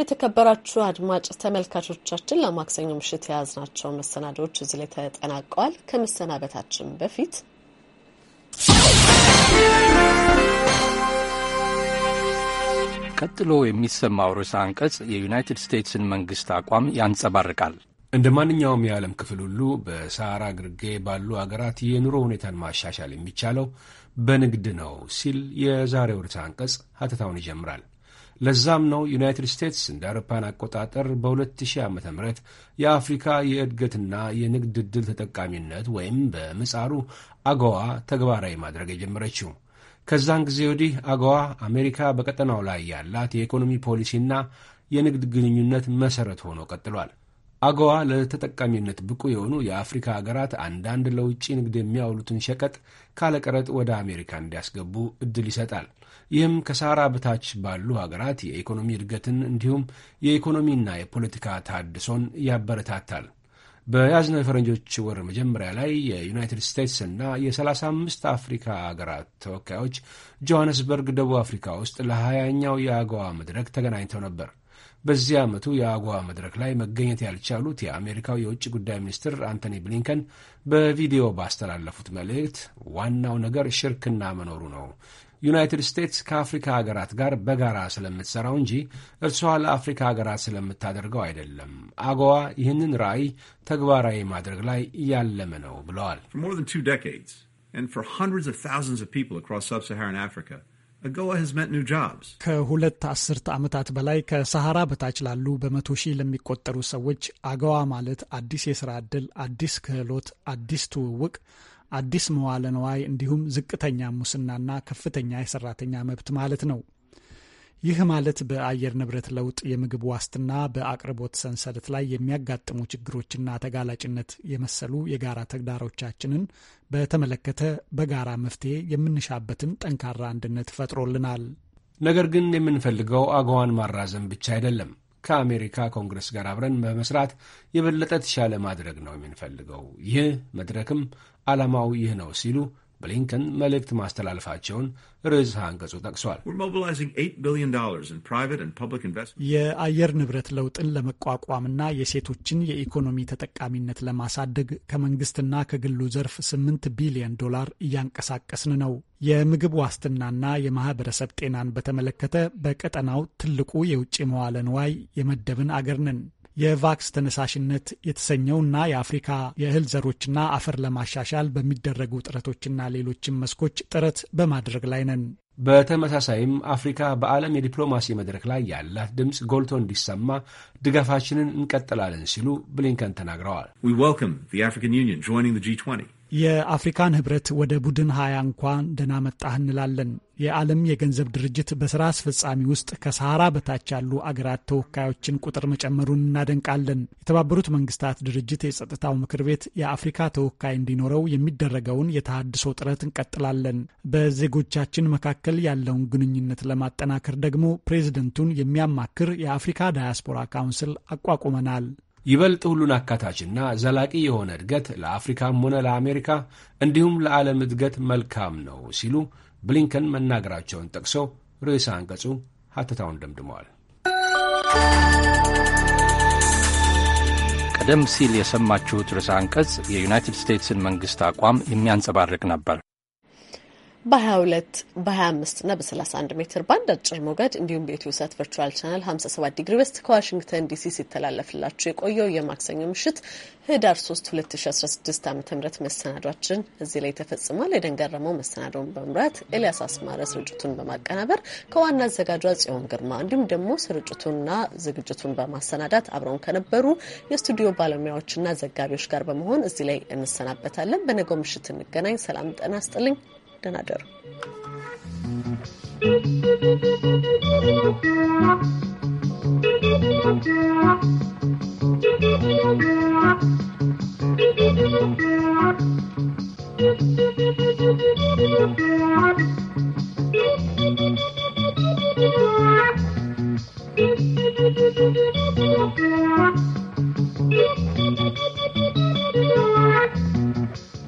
የተከበራችሁ አድማጭ ተመልካቾቻችን ለማክሰኞ ምሽት የያዝናቸው መሰናዶዎች እዚህ ላይ ተጠናቀዋል። ከመሰናበታችን በፊት ቀጥሎ የሚሰማው ርዕሰ አንቀጽ የዩናይትድ ስቴትስን መንግስት አቋም ያንጸባርቃል። እንደ ማንኛውም የዓለም ክፍል ሁሉ በሰሃራ ግርጌ ባሉ አገራት የኑሮ ሁኔታን ማሻሻል የሚቻለው በንግድ ነው ሲል የዛሬው ርዕሰ አንቀጽ ሀተታውን ይጀምራል። ለዛም ነው ዩናይትድ ስቴትስ እንደ አውሮፓን አቆጣጠር በ2000 ዓ ም የአፍሪካ የእድገትና የንግድ ዕድል ተጠቃሚነት ወይም በምጻሩ አገዋ ተግባራዊ ማድረግ የጀመረችው። ከዛን ጊዜ ወዲህ አገዋ አሜሪካ በቀጠናው ላይ ያላት የኢኮኖሚ ፖሊሲና የንግድ ግንኙነት መሠረት ሆኖ ቀጥሏል። አገዋ ለተጠቃሚነት ብቁ የሆኑ የአፍሪካ ሀገራት አንዳንድ ለውጭ ንግድ የሚያውሉትን ሸቀጥ ካለቀረጥ ወደ አሜሪካ እንዲያስገቡ እድል ይሰጣል። ይህም ከሳራ በታች ባሉ ሀገራት የኢኮኖሚ እድገትን እንዲሁም የኢኮኖሚና የፖለቲካ ታድሶን ያበረታታል። በያዝነው የፈረንጆች ወር መጀመሪያ ላይ የዩናይትድ ስቴትስ እና የ35 አፍሪካ ሀገራት ተወካዮች ጆሐንስበርግ፣ ደቡብ አፍሪካ ውስጥ ለ20ኛው የአገዋ መድረክ ተገናኝተው ነበር። በዚህ ዓመቱ የአገዋ መድረክ ላይ መገኘት ያልቻሉት የአሜሪካው የውጭ ጉዳይ ሚኒስትር አንቶኒ ብሊንከን በቪዲዮ ባስተላለፉት መልእክት ዋናው ነገር ሽርክና መኖሩ ነው ዩናይትድ ስቴትስ ከአፍሪካ ሀገራት ጋር በጋራ ስለምትሰራው እንጂ እርሷ ለአፍሪካ ሀገራት ስለምታደርገው አይደለም። አጎዋ ይህንን ራዕይ ተግባራዊ ማድረግ ላይ እያለመ ነው ብለዋል። ከሁለት አስርተ ዓመታት በላይ ከሰሐራ በታች ላሉ በመቶ ሺህ ለሚቆጠሩ ሰዎች አገዋ ማለት አዲስ የሥራ ዕድል፣ አዲስ ክህሎት፣ አዲስ ትውውቅ አዲስ መዋለ ነዋይ እንዲሁም ዝቅተኛ ሙስናና ከፍተኛ የሰራተኛ መብት ማለት ነው። ይህ ማለት በአየር ንብረት ለውጥ፣ የምግብ ዋስትና፣ በአቅርቦት ሰንሰለት ላይ የሚያጋጥሙ ችግሮችና ተጋላጭነት የመሰሉ የጋራ ተግዳሮቻችንን በተመለከተ በጋራ መፍትሄ የምንሻበትን ጠንካራ አንድነት ፈጥሮልናል። ነገር ግን የምንፈልገው አገዋን ማራዘም ብቻ አይደለም። ከአሜሪካ ኮንግረስ ጋር አብረን በመስራት የበለጠ ተሻለ ማድረግ ነው የምንፈልገው። ይህ መድረክም ዓላማው ይህ ነው ሲሉ ብሊንከን መልእክት ማስተላለፋቸውን ርዕስ አንቀጹ ጠቅሷል። የአየር ንብረት ለውጥን ለመቋቋምና የሴቶችን የኢኮኖሚ ተጠቃሚነት ለማሳደግ ከመንግስትና ከግሉ ዘርፍ 8 ቢሊዮን ዶላር እያንቀሳቀስን ነው። የምግብ ዋስትናና የማህበረሰብ ጤናን በተመለከተ በቀጠናው ትልቁ የውጭ መዋለ ንዋይ የመደብን አገር ነን። የቫክስ ተነሳሽነት የተሰኘውና የአፍሪካ የእህል ዘሮችና አፈር ለማሻሻል በሚደረጉ ጥረቶችና ሌሎችም መስኮች ጥረት በማድረግ ላይ ነን። በተመሳሳይም አፍሪካ በዓለም የዲፕሎማሲ መድረክ ላይ ያላት ድምፅ ጎልቶ እንዲሰማ ድጋፋችንን እንቀጥላለን ሲሉ ብሊንከን ተናግረዋል። We welcome the African Union joining the G20. የአፍሪካን ህብረት ወደ ቡድን ሀያ እንኳን ደህና መጣህ እንላለን። የዓለም የገንዘብ ድርጅት በስራ አስፈጻሚ ውስጥ ከሰሃራ በታች ያሉ አገራት ተወካዮችን ቁጥር መጨመሩን እናደንቃለን። የተባበሩት መንግስታት ድርጅት የጸጥታው ምክር ቤት የአፍሪካ ተወካይ እንዲኖረው የሚደረገውን የተሃድሶ ጥረት እንቀጥላለን። በዜጎቻችን መካከል ያለውን ግንኙነት ለማጠናከር ደግሞ ፕሬዝደንቱን የሚያማክር የአፍሪካ ዳያስፖራ ካውንስል አቋቁመናል። ይበልጥ ሁሉን አካታችና ዘላቂ የሆነ እድገት ለአፍሪካም ሆነ ለአሜሪካ እንዲሁም ለዓለም እድገት መልካም ነው ሲሉ ብሊንከን መናገራቸውን ጠቅሰው ርዕሰ አንቀጹ ሀተታውን ደምድመዋል። ቀደም ሲል የሰማችሁት ርዕሰ አንቀጽ የዩናይትድ ስቴትስን መንግሥት አቋም የሚያንጸባርቅ ነበር። በ22 በ25 እና በ31 ሜትር ባንድ አጭር ሞገድ እንዲሁም በኢትዮ ሳት ቨርቹዋል ቻናል 57 ዲግሪ ዌስት ከዋሽንግተን ዲሲ ሲተላለፍላችሁ የቆየው የማክሰኞ ምሽት ህዳር 3 2016 ዓ ም መሰናዷችን እዚህ ላይ ተፈጽሟል። የደንገረመው መሰናዶውን በመምራት ኤልያስ አስማረ ስርጭቱን በማቀናበር ከዋና አዘጋጇ ጽዮን ግርማ እንዲሁም ደግሞ ስርጭቱና ዝግጅቱን በማሰናዳት አብረውን ከነበሩ የስቱዲዮ ባለሙያዎችና ዘጋቢዎች ጋር በመሆን እዚህ ላይ እንሰናበታለን። በነገው ምሽት እንገናኝ። ሰላም ጤና ይስጥልኝ። another.